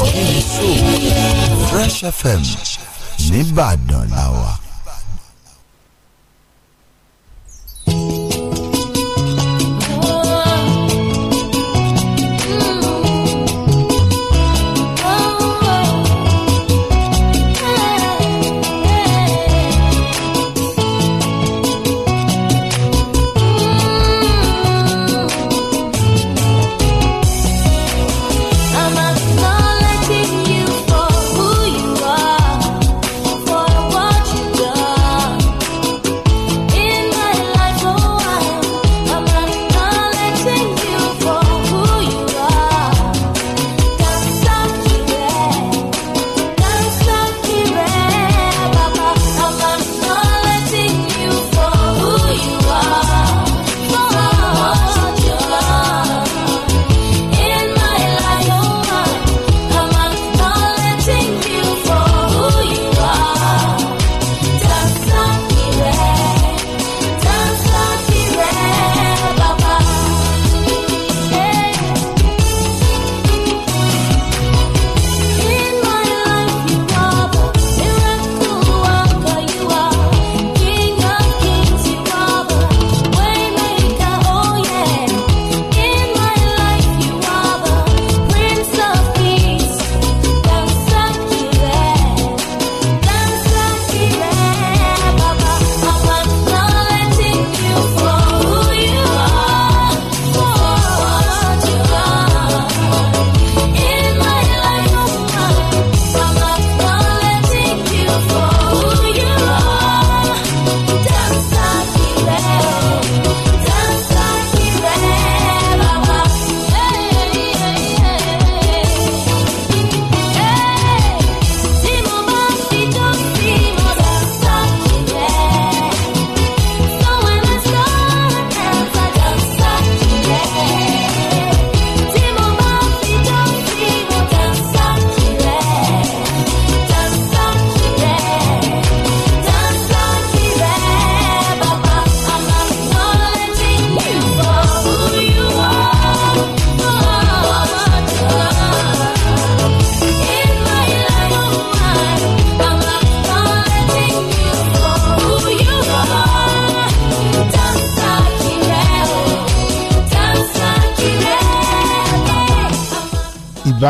Ìbàdàn. Fresh FM. Nìbàdàn làwà.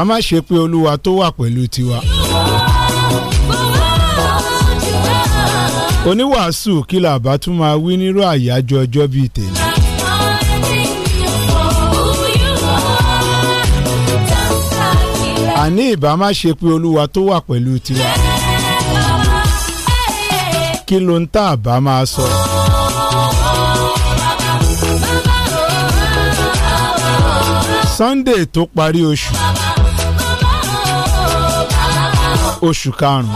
ká má ṣe pé olúwa tó wà pẹ̀lú tiwa. oníwàásù kìlà bá tún máa wí nírú àyájọ́ ọjọ́ bíi tèmi. àní ìbá má ṣe pé olúwa tó wà pẹ̀lú tiwa. kí ló ń tà bá máa sọ. Sunday tó parí oṣù oṣù karùn-ún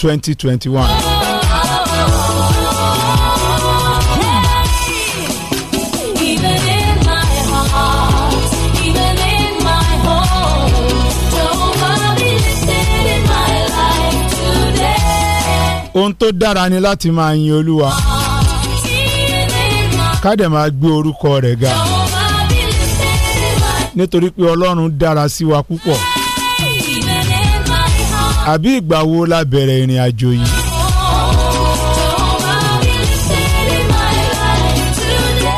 twenty twenty one. ohun tó dára ni láti máa yin olúwa ká dẹ̀ máa gbé orúkọ rẹ̀ ga nítorí pé ọlọ́run dára sí wa púpọ̀ àbí ìgbà wo la bẹ̀rẹ̀ ìrìn àjò yìí.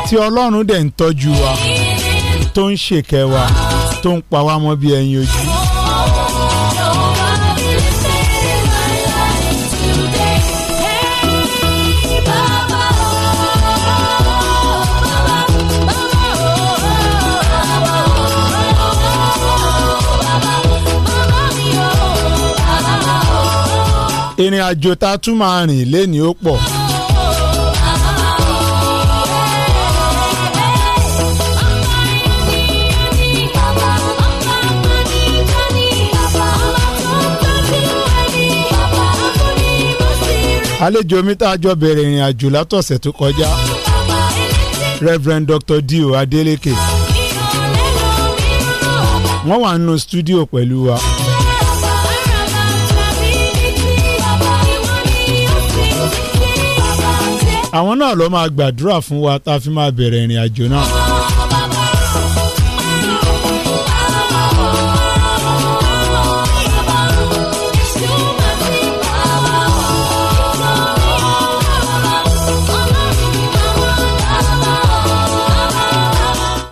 tí ọlọ́run dẹ̀ ń tọ́jú wa tó ń ṣèkẹ́ wa tó ń pa wá mọ́ bí ẹyin ojú. ìrìn àjò tá a tún máa rìn lẹ́ni ó pọ̀. àlejò mi tá a jọ bẹ̀rẹ̀ ìrìn àjò látọ̀sẹ̀ tó kọjá Reverend Dr. Dio Adeleke wọ́n wà nínú stúdíò pẹ̀lú wa. àwọn náà ló máa gbàdúrà fún wa tá a fi máa bẹ̀rẹ̀ ìrìn àjò náà.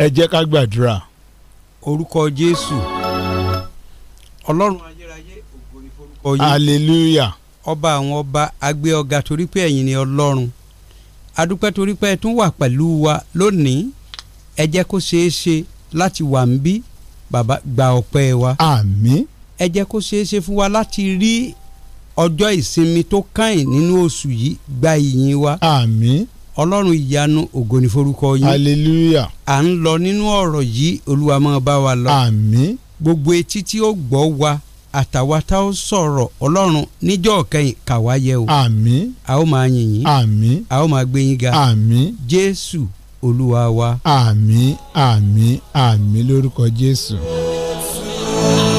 ẹ jẹ́ ká gbàdúrà. orúkọ jésù ọlọ́run ayérayé ògo ni forúkọ hallelujah. ọba àwọn ọba agbé ọga torí pé ni ọlọ́run adúpẹ́ torí pé ẹ tún wà pẹ̀lú wa lónìí ẹ jẹ́ kó ṣeé ṣe láti wà ń bí bàbá gba ọpẹ́ wa. àmín. ẹ jẹ́ kó ṣeé ṣe fún wa láti rí ọjọ́ ìsinmi tó kàn nínú oṣù yìí gba ìyìn wa. àmín. ọlọ́run ìyanu ògo forúkọ yín. hallelujah. à ń lọ nínú ọ̀rọ̀ yìí olúwa máa bá wa lọ. àmín. gbogbo etí tí ó gbọ́ wa àtàwa tá ó sọ̀rọ̀ ọlọ́run níjọ́ kẹyìn kàwá yẹ o. àmín. a ó máa yìn yín. àmín. a ó máa gbé yín ga. àmín. jésù olúwa wa. àmín àmín àmín lórúkọ jésù. jésù.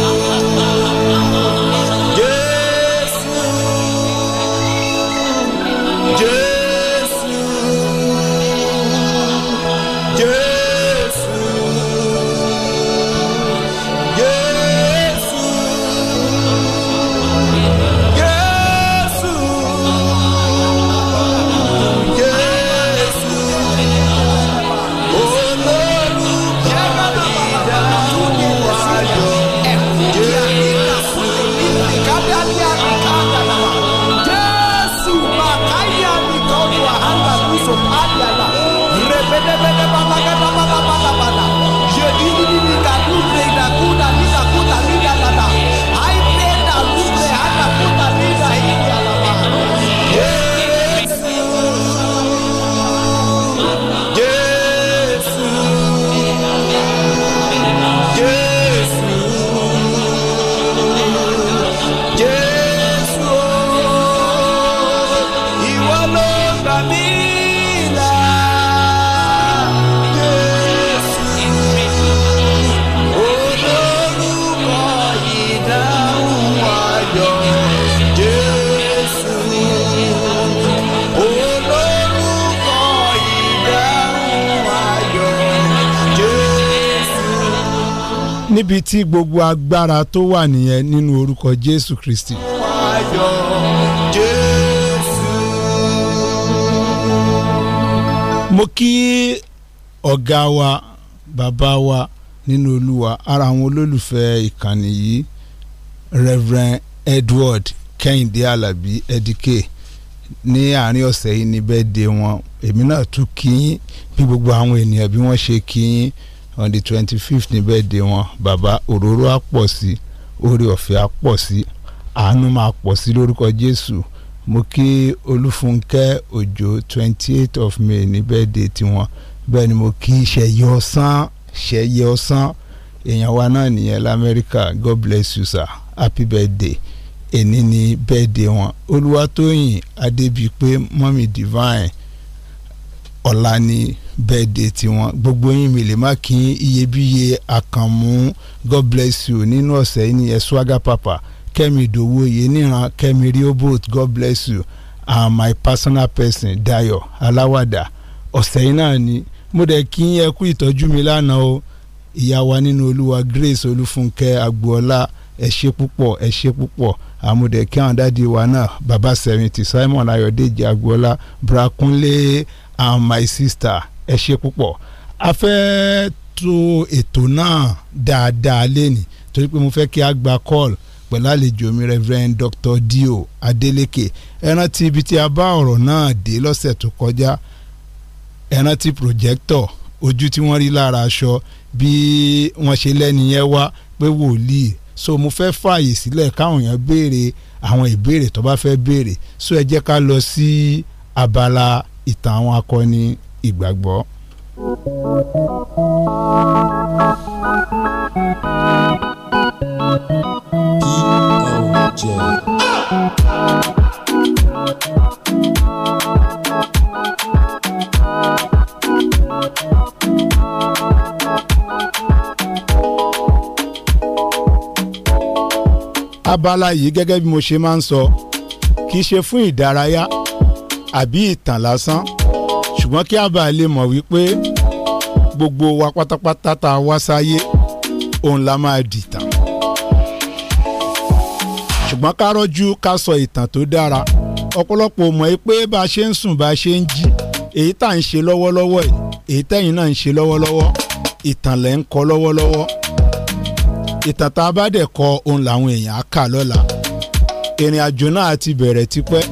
níbi tí gbogbo agbára tó wà nìyẹn nínú orúkọ Jésù Kristi. mo kí ọ̀gá wa bàbá wa nínú Olúwa ara àwọn olólùfẹ́ ìkànnì yìí Reverend Edward Kẹ́hìndé Alábí edike ní àárín ọ̀sẹ̀ yìí ní bẹ́ẹ̀ de wọn èmi náà tún kí yín bí gbogbo àwọn ènìyàn bí wọ́n ṣe kí yín on the twenty fifth ní birthday wọn Baba òróró á pọ̀ sí oore ọ̀fẹ́ á pọ̀ sí àánú máa pọ̀ sí lórúkọ Jésù mo kí Olúfúnkẹ́ Òjó twenty eight of May ní birthday tiwọn bẹ́ẹ̀ ni mo kí Ṣẹ̀yẹ Ọ̀sán Ṣẹ̀yẹ Ọ̀sán èèyàn wa náà nìyẹn l'Amẹ́ríkà God bless you sir happy birthday èní ni birthday wọn Olúwatóyìn Adébíyí pé mọ́mí divine ọ̀la ni bẹ́ẹ̀dẹ̀ tiwọn gbogbo yín mi lè má kí iyebíye àkànmú god bless you nínú ọ̀sẹ̀ yìí ni ẹ̀ swaga papa kẹ́mi ìdòwú oyè níran kẹ́mi riobot god bless you and my personal person dayo aláwàdà ọ̀sẹ̀ yìí náà ni mo dẹ̀ kí ẹ kú ìtọ́jú mi lánàá o ìyá wa nínú olúwa grace olúfúnkẹ́ agboola ẹ ṣé púpọ̀ ẹ ṣé púpọ̀ àmúdẹ̀ àwọn dáàdi wa náà baba seventy simon ayọ̀dèjì agboola brakunle and my sister ẹ ṣe púpọ̀ a fẹ́ to ètò náà dáadáa lẹ́nìí torí pé mo fẹ́ kí a gba call pẹ̀lú àlejò mi reverend dr dio adeleke ẹ rántí ibi tí a bá ọ̀rọ̀ náà dé lọ́sẹ̀ tó kọjá ẹ rántí projector ojú tí wọ́n rí lára aṣọ bí wọ́n ṣe lẹ́ni yẹn wá pé wòlíì so mo fẹ́ fààyè sílẹ̀ káwọn èèyàn béèrè àwọn ìbéèrè tó bá fẹ́ béèrè so ẹ jẹ́ ká lọ sí abala ìtàn àwọn akọni ìgbàgbọ́. kí ẹ ò abala yìí gẹ́gẹ́ bí mo ṣe máa ń sọ kì í ṣe fún ìdárayá àbí ìtàn lásán ṣùgbọ́n kí a bá lè mọ̀ wípé gbogbo wa pátápátá tá a wá sáyé òun la máa dìtàn ṣùgbọ́n ká rọ́jú ká sọ ìtàn tó dára ọ̀pọ̀lọpọ̀ mọ̀ ẹ́ pé bá a ṣe ń sùn bá a ṣe ń jí èyí tá à ń ṣe lọ́wọ́lọ́wọ́ yìí èyí tẹ́yìn náà ń ṣe lọ́wọ́lọ́wọ́ ìtàn lẹ́ ń kọ lọ́wọ́lọ́wọ́ ìtàn tá a bá dẹ̀ kọ òun làwọn èèyàn á kà lọ́la ìrìn àjò náà ti bẹ̀rẹ̀ tipẹ́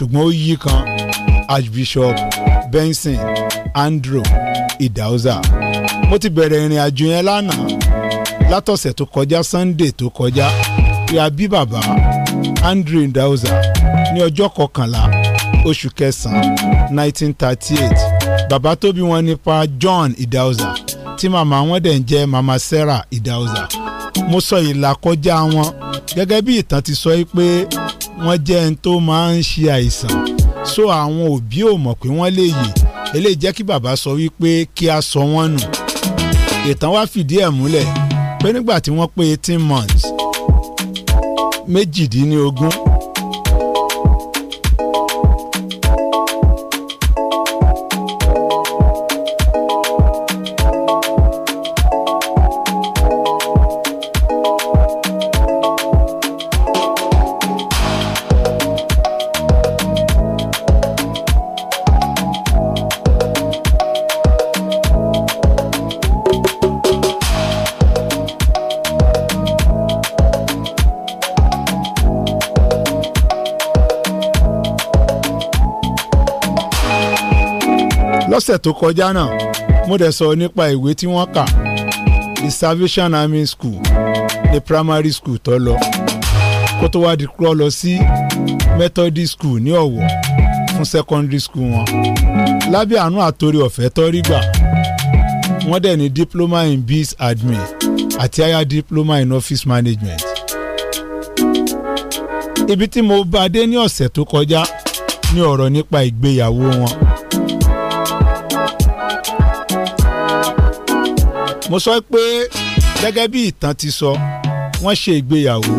ṣùgbọ́n ó yí kan Archbishop Benson Andrew Idahosa mo ti bẹ̀rẹ̀ ìrìn àjò yẹn lánàá látọ̀sẹ̀ tó kọjá Sunday tó kọjá ìyá bí bàbá Andrew Idahosa ní ọjọ́ kọkànlá oṣù kẹsàn-án 1938 bàbá tó bí wọn nípa John Idahosa tí màmá wọn dẹ̀ ń jẹ́ màmá Sarah Idahosa mo sọ ìlà kọjá wọn gẹ́gẹ́ bí ìtàn ti sọ pé wọ́n jẹ́ ẹni tó máa ń ṣe àìsàn so àwọn òbí ò mọ̀ pé wọ́n lè yè eléyìí jẹ́ kí bàbá sọ wípé kí a sọ wọ́n nù ìtàn wá fìdí ẹ̀ múlẹ̀ pé nígbà tí wọ́n pé eighteen months méjìdínlógún lọ́sẹ̀ tó kọjá náà mo dẹ̀ sọ nípa ìwé tí wọ́n kà the Salvation Army School the primary school tó lọ kó tó wá di kúrò lọ sí Methodist school ní Ọ̀wọ̀ fún secondary school wọn lábẹ́ àánú àtòrí ọ̀fẹ́ tọ́rí gbà wọ́n dẹ̀ ní diploma in biz admin àti higher diploma in office management ibi tí mo bá dé ní ọ̀sẹ̀ tó kọjá ní ọ̀rọ̀ nípa ìgbéyàwó wọn mo sọ pé gẹ́gẹ́ bí ìtàn ti sọ wọ́n ṣe ìgbéyàwó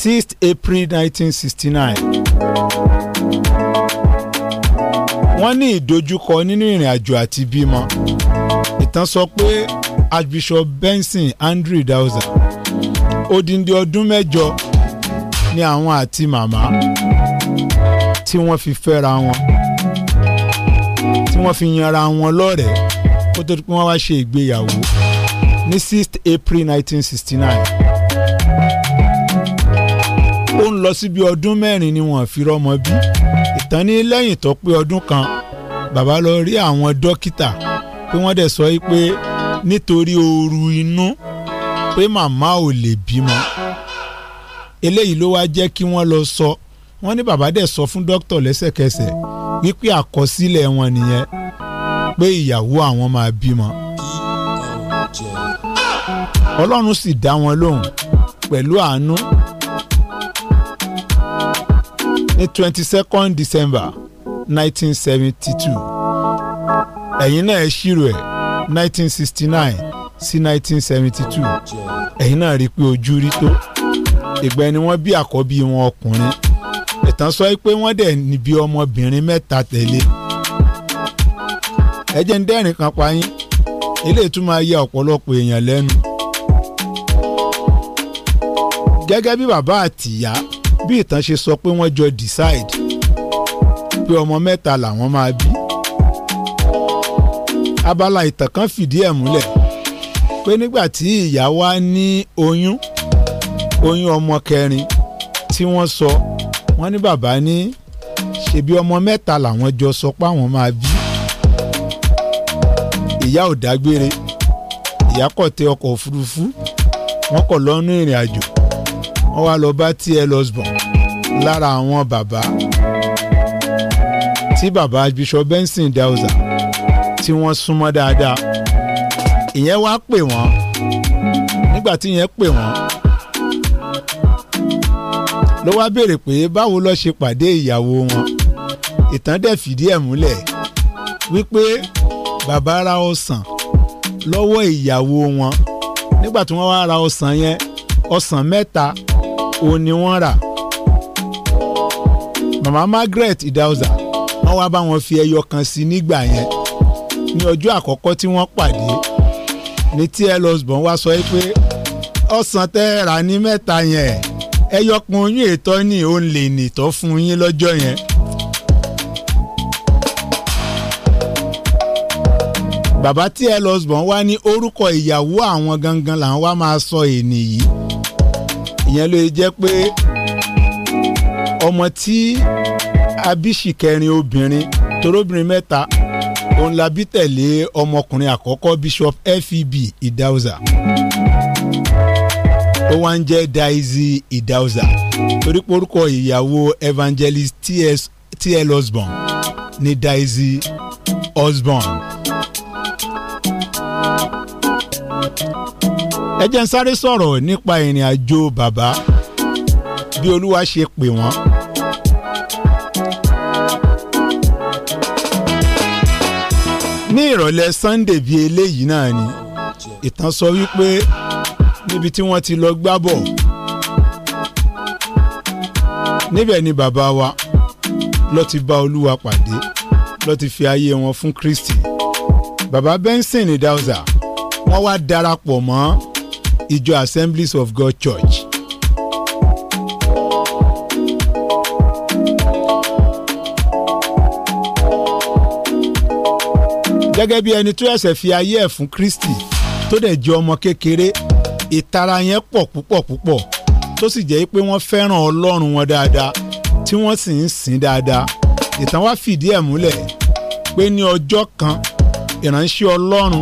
sixth April nineteen sixty nine wọ́n ní ìdojúkọ nínú ìrìn àjò àti bímọ ìtàn sọ pé Archbishop Benson Andrew Dawson odindi ọdún mẹ́jọ ni àwọn àti màmá tí wọ́n fi fẹ́ra wọn tí wọ́n fi yanra wọn lọ́rẹ̀ẹ́ kó tó di wá ṣe ìgbéyàwó ní 6th April 1969 ó ń lọ síbi ọdún mẹ́rin ni wọ́n fi rọ́mọ bí ìtàn ní lẹ́yìn tó pé ọdún kan bàbá lọ rí àwọn dókítà pé wọ́n dẹ̀ sọ pé nítorí ooru inú pé màmá ò lè bímọ eléyìí ló wá jẹ́ kí wọ́n lọ sọ wọ́n ní bàbá dẹ̀ sọ fún dókítà lẹ́sẹ̀kẹsẹ̀ wípé àkọsílẹ̀ wọn nìyẹn pé ìyàwó àwọn máa bímọ. ọlọ́run sì dá wọn lóhùn pẹ̀lú àánú ní twenty second december nineteen seventy two ẹ̀yin náà ẹ ṣírò ẹ̀ nineteen sixty nine sí nineteen seventy two ẹ̀yin náà rí i pé ojú rí tó ìgbà ni wọ́n bí àkọ́bí wọn ọkùnrin ìtàn sọ pé wọ́n dẹ̀ níbi ọmọbìnrin mẹ́ta tẹ̀lé ẹ jẹ́ ń dẹ́rìn kan pa yín eléyìí tún máa yẹ ọ̀pọ̀lọpọ̀ èèyàn lẹ́nu. gẹ́gẹ́ bí bàbá àtìyá bí ìtàn ṣe sọ pé wọ́n jọ decide pé ọmọ mẹ́ta làwọn máa bí. abala ìtàn kan fìdí ẹ̀ múlẹ̀ pé nígbà tí ìyá wa ní oyún oyún ọmọ kẹrin tí wọ́n sọ wọ́n ní bàbá ní ṣebí ọmọ mẹ́ta làwọn jọ sọ pé àwọn máa bí ìyá ò dágbére ìyá kọ̀ tẹ ọkọ̀ òfurufú wọ́n kọ̀ lọ́nú ìrìn àjò wọ́n wá lọ bá T.L. Osborn lára àwọn bàbá tí bàbá Bishop Benson Dauza tí wọ́n súnmọ́ dáadáa ìyẹn wá pè wọ́n nígbà tí ìyẹn pè wọ́n ló wá béèrè pé báwo lọ ṣe pàdé ìyàwó wọn ìtàn dẹ̀ fìdí ẹ̀ múlẹ̀ wípé bàbá ra ọsàn lọ́wọ́ ìyàwó wọn nígbà tí wọ́n wá ra ọsàn yẹn ọsàn mẹ́ta òun ni wọ́n rà màmá Margaret Idauza wọ́n wá bá wọn fi ẹyọ kan sí nígbà yẹn ní ọjọ́ àkọ́kọ́ tí wọ́n pàdé ní T.L. Osborn wá sọ pé ọsàn tẹ́ ẹ rà ní mẹ́ta yẹn ẹyọkùn oyún ètò ní òun lè nìtọ́ fún yín lọ́jọ́ yẹn bàbá tí ẹ lọ sùgbọ́n wá ní orúkọ ìyàwó àwọn gangan làwọn wá máa sọ ènì yìí ìyẹn ló jẹ́ pé ọmọ tí abíṣì kẹrin obìnrin torobìnrin mẹ́ta òun la tẹ̀lé ọmọkùnrin àkọ́kọ́ Bishop FEB Idauza ó wá ń jẹ́ Daisy Idauza torí pé orúkọ ìyàwó Evangelist T.L. Osborn ní Daisy Osborn ẹ jẹ́ ń sáré sọ̀rọ̀ nípa ìrìn àjò bàbá bí olúwa ṣe pè wọ́n. ní ìrọ̀lẹ́ Sunday bíi eléyìí náà ni ìtàn sọ wípé níbi tí wọ́n ti lọ gbá bọ̀ níbẹ̀ ni bàbá wa ló ti bá olúwa pàdé ló ti fi ayé wọn fún Kristi baba benson ní dausa wọ́n wá darapọ̀ mọ́ ìjọ assemblies of god church. gẹ́gẹ́ bí ẹni tó ẹ̀sẹ̀ fi ayé ẹ̀ fún kristi tó dẹ̀ jẹ́ ọmọ kékeré ìtara yẹn pọ̀ púpọ̀ púpọ̀ tó sì jẹ́ pé wọ́n fẹ́ràn ọlọ́run wọn dáadáa tí wọ́n sì ń sìn dáadáa ìtàn wá fìdí ẹ̀ múlẹ̀ pé ní ọjọ́ kan ìránṣẹ́ Ọlọ́run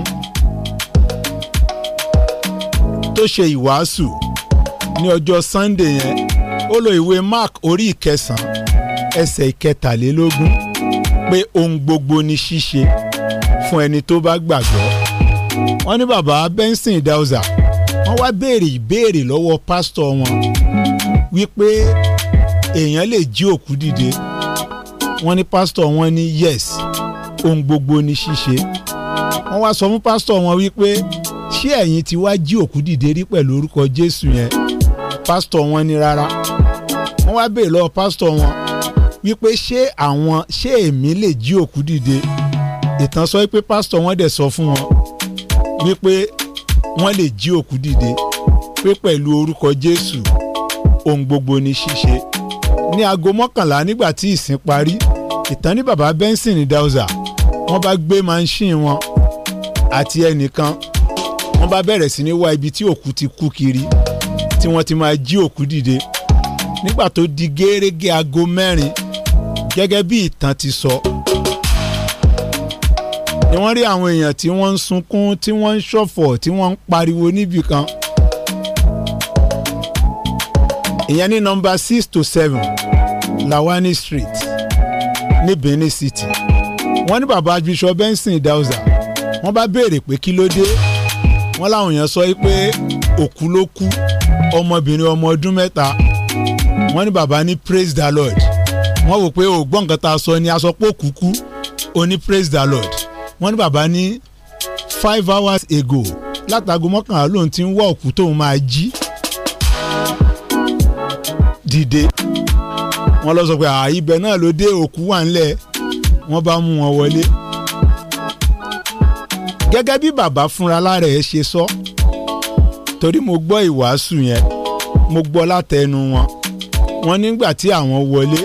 tó ṣe ìwàásù ní ọjọ́ Sunday yẹn ó lo ìwé Mark orí ìkẹsàn-án ẹsẹ̀ ìkẹtàlélógún pé ohun gbogbo ni ṣíṣe fún ẹni tó bá gbàgbọ́ wọ́n ní bàbá Benson Dauza wọ́n wá béèrè ìbéèrè lọ́wọ́ pásítọ̀ wọn wípé èèyàn lè jí òkú dìde wọ́n ní pásítọ̀ wọn ní yes ohun gbogbo ni ṣíṣe wọ́n wá sọ fún pásítọ̀ wọn wípé ṣé ẹ̀yin ti wá jí òkú dìde rí pẹ̀lú orúkọ Jésù yẹn pásítọ̀ wọn ní rárá wọ́n wá béèrè lọ́wọ́ pásítọ̀ wọn wípé ṣé àwọn ṣé èmi lè jí òkú dìde ìtàn sọ wípé pásítọ̀ wọn dẹ̀ sọ fún wọn wípé wọ́n lè jí òkú dìde pé pẹ̀lú orúkọ Jésù ohun gbogbo ni ṣíṣe ní aago mọ́kànlá nígbà tí ìsìn parí ìtàn ní bàbá Benson Dauza wọ́n bá gbé mansin wọn àti ẹnìkan wọ́n bá bẹ̀rẹ̀ sí ní wá ibi tí òkú ti kú kiri tí wọ́n ti máa jí òkú dìde nígbà tó di gẹ́rẹ́gẹ́ aago mẹ́rin gẹ́gẹ́ bí ìtàn ti sọ ni wọ́n rí àwọn èèyàn tí wọ́n ń sunkún tí wọ́n ń ṣọ̀fọ̀ tí wọ́n ń pariwo níbì kan ìyẹn ní nọ́mbà six to seven Lawani Street ní Benin City wọ́n ní bàbá Bishop Benson Dauza wọ́n bá béèrè pé kí ló dé wọ́n láwọn èèyàn sọ pé òkú ló kú ọmọbìnrin ọmọ ọdún mẹ́ta wọ́n ní bàbá ní praise the lord wọ́n wò pé ògbọ́n nǹkan tá a sọ ni a sọ pé praise the lord wọ́n ní bàbá ní five hours ago látago mọ́kànlá lòun ti ń wá òkú tóun máa jí dìde wọ́n lọ sọ pé àà ibẹ̀ náà ló dé òkú wà ńlẹ̀ wọ́n bá mú wọn wọlé gẹ́gẹ́ bí bàbá fúnra lára ẹ̀ ṣe sọ torí mo gbọ́ ìwàásù yẹn mo gbọ́ látẹnu wọn wọn nígbà tí àwọn wọlé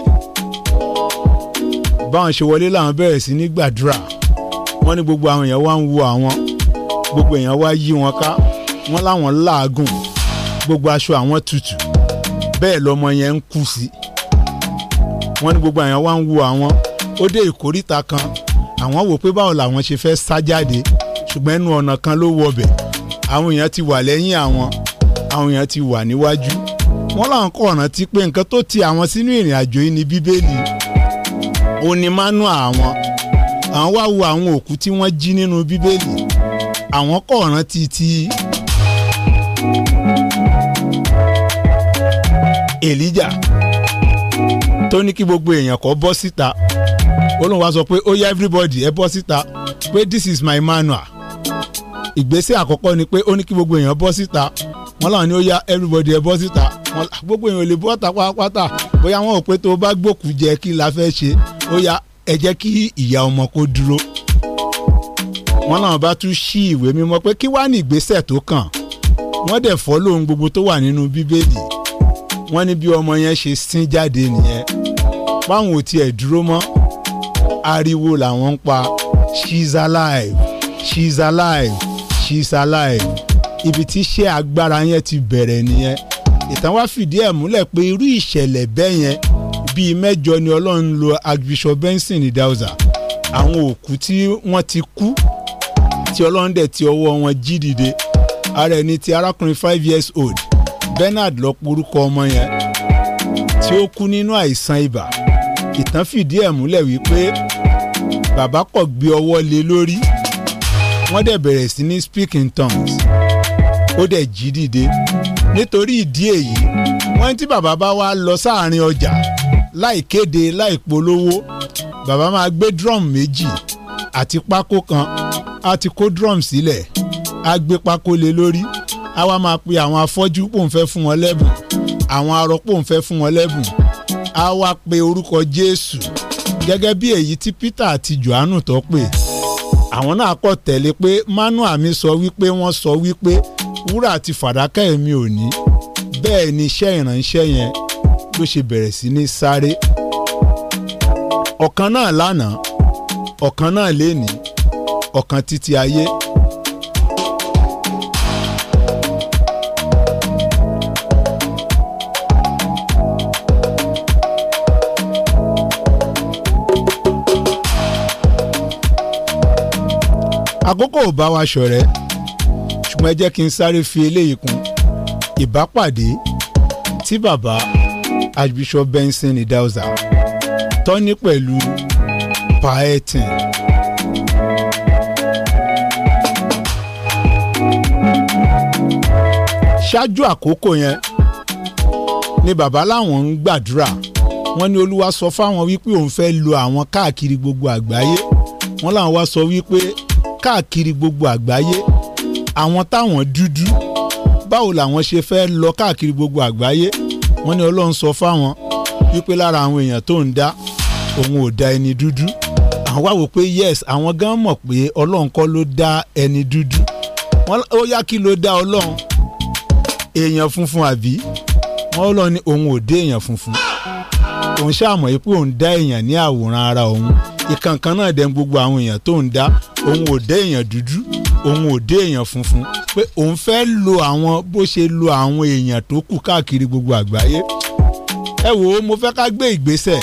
báwọn ṣe wọlé làwọn bẹ̀rẹ̀ sí ní gbàdúrà wọn ní gbogbo àwọn èèyàn wá ń wo àwọn gbogbo èèyàn wá yí wọn ká wọn láwọn làágùn gbogbo aṣọ àwọn tutù bẹ́ẹ̀ lọmọ yẹn ń kú sí wọn ní gbogbo àwọn wá ń wo àwọn ó dé ìkórìtà kan àwọn wò pé báwo làwọn ṣe fẹ́ sá jáde ṣùgbọ́n ẹnu ọ̀nà kan ló wọbẹ̀ àwọn èèyàn ti wà lẹ́yìn àwọn àwọn èèyàn ti wà níwájú wọ́n làwọn kọ̀ ọ̀nà ti pé nǹkan tó ti àwọn sínú ìrìn àjò yìí ni bíbélì onímánú àwọn àwọn wá wo àwọn òkú tí wọ́n jí nínú bíbélì àwọn kọ̀ ọ̀ràn ti ti èlíjà tó ní kí gbogbo èèyàn kó bọ́ síta olóhùn sọ pé ó yá everybody ẹ bọ́ síta pé this is my manual ìgbésẹ̀ àkọ́kọ́ ni pé ó ní kí gbogbo èèyàn bọ́ síta wọ́n làwọn ni ó yá everybody ẹ bọ́ síta gbogbo èèyàn ò lè bọ́ ta pátápátá bóyá wọn ò pé tó bá gbòkú jẹ kí la fẹ́ ṣe ó yá ẹ jẹ́ kí ìyá ọmọ kó dúró wọ́n làwọn bá tún ṣí ìwé mímọ́ pé kí wàá ní ìgbésẹ̀ tó kàn wọ́n dẹ̀ fọ́ lóhun gbogbo tó wà nínú bíbélì wọ́n ní bí ọmọ yẹn ṣe sín jáde nìyẹn báwọn ò tiẹ̀ dúró mọ́ ariwo làwọn ń pa she's alive she's alive she's alive ibi tí iṣẹ́ agbára yẹn ti bẹ̀rẹ̀ nìyẹn ìtàn wá fìdí ẹ̀ múlẹ̀ pé irú ìṣẹ̀lẹ̀ bẹ́ẹ̀ yẹn bíi mẹ́jọ ni ọlọ́run lo Archbishop Benson ní Dauza àwọn òkú tí wọ́n ti kú tí ọlọ́run dẹ̀ ti ọwọ́ wọn jí dìde ara ẹni ti arákùnrin five years old Bernard lọ porúkọ ọmọ yẹn tí ó kú nínú àìsàn ibà ìtàn fìdí ẹ̀ múlẹ̀ wípé bàbá kọ̀ gbé ọwọ́ lé lórí wọ́n dẹ̀ bẹ̀rẹ̀ sí ní speak tongues ó dẹ̀ jí dìde nítorí ìdí èyí wọ́n tí bàbá bá wá lọ sáàrin ọjà láì kéde láì polówó bàbá máa gbé drum méjì àti pákó kan á ti kó drum sílẹ̀ á gbé pákó lé lórí á wá máa pe àwọn afọ́jú pò ń fẹ́ fún wọn lẹ́bùn àwọn arọ pò ń fẹ́ fún wọn lẹ́bùn á wá pe orúkọ Jésù gẹ́gẹ́ bí èyí tí Peter àti Johannu tó pè é àwọn náà kọ̀ tẹ̀lé pé manua mi sọ wípé wọ́n sọ wípé wúrà àti fàdákà èmi ò bẹ́ẹ̀ ni iṣẹ́ ìránṣẹ́ yẹn ló ṣe bẹ̀rẹ̀ sí ní sáré ọ̀kan náà lánàá ọ̀kan náà lénìí ọ̀kan títí ayé. àkókò ò bá wa ṣọ̀rẹ́ ṣùgbọ́n ẹ jẹ́ kí n sáré fi eléyìí kún ìbápàdé tí bàbá Archbishop Benson idauza tọ́ni pẹ̀lú paetin. ṣáájú àkókò yẹn ni bàbá láwọn ń gbàdúrà wọ́n ní olúwa sọ fáwọn wípé òun fẹ́ lo àwọn káàkiri gbogbo àgbáyé wọ́n láwọn wá sọ wípé káàkiri gbogbo àgbáyé àwọn táwọn dúdú báwo làwọn ṣe fẹ́ lọ káàkiri gbogbo àgbáyé wọ́n ni ọlọ́run sọ fáwọn wípé lára àwọn èèyàn tó ń dá òun ò dá ẹni dúdú àwọn wá wò pé yes àwọn gan mọ̀ pé ọlọ́run kọ́ ló dá ẹni dúdú wọ́n ó yá kí ló dá ọlọ́run èèyàn funfun àbí wọ́n lọ ní òun ò dé èèyàn funfun òun ṣàmọ̀ yìí pé òun dá èèyàn ní àwòrán ara òun ìkànkan náà dẹ̀ ń gbogbo àwọn èèyàn tó ń dá òun ò dé èèyàn dúdú òun ò dé èèyàn funfun pé òun fẹ́ lo àwọn bó ṣe lo àwọn èèyàn tó kù káàkiri gbogbo àgbáyé ẹ wò ó mo fẹ́ ká gbé ìgbésẹ̀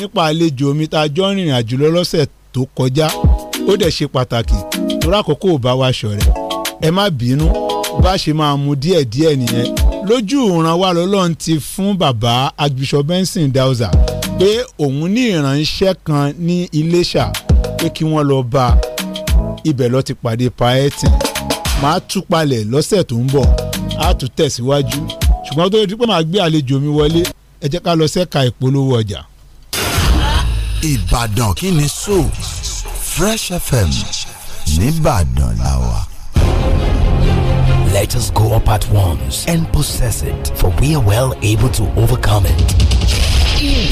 nípa àlejò mi tá a jọ ń rìnrìn àjò lọ lọ́sẹ̀ tó kọjá ó dẹ̀ ṣe pàtàkì torí àkókò bá wa ṣọ̀rẹ́ ẹ má bínú bá ṣe máa mu díẹ̀díẹ̀ nìyẹn lójú ìran wa lọ́lọ́run ti fún bàbá Archbishop Benson Dauza pé òun ní ìránṣẹ́ kan ní Iléṣà pé kí wọ́n lọ bá ibẹ̀ lọ ti pàdé paetin màá tún palẹ̀ lọ́sẹ̀ tó ń bọ̀ á tún tẹ̀síwájú ṣùgbọ́n tó di pé màá gbé àlejò mi wọlé ẹ jẹ́ ká lọ sẹ́ka ìpolówó ọjà. Ìbàdàn kí ni so Fresh FM nìbàdàn làwà. Let us go up at once and possess it, for we are well able to overcome it.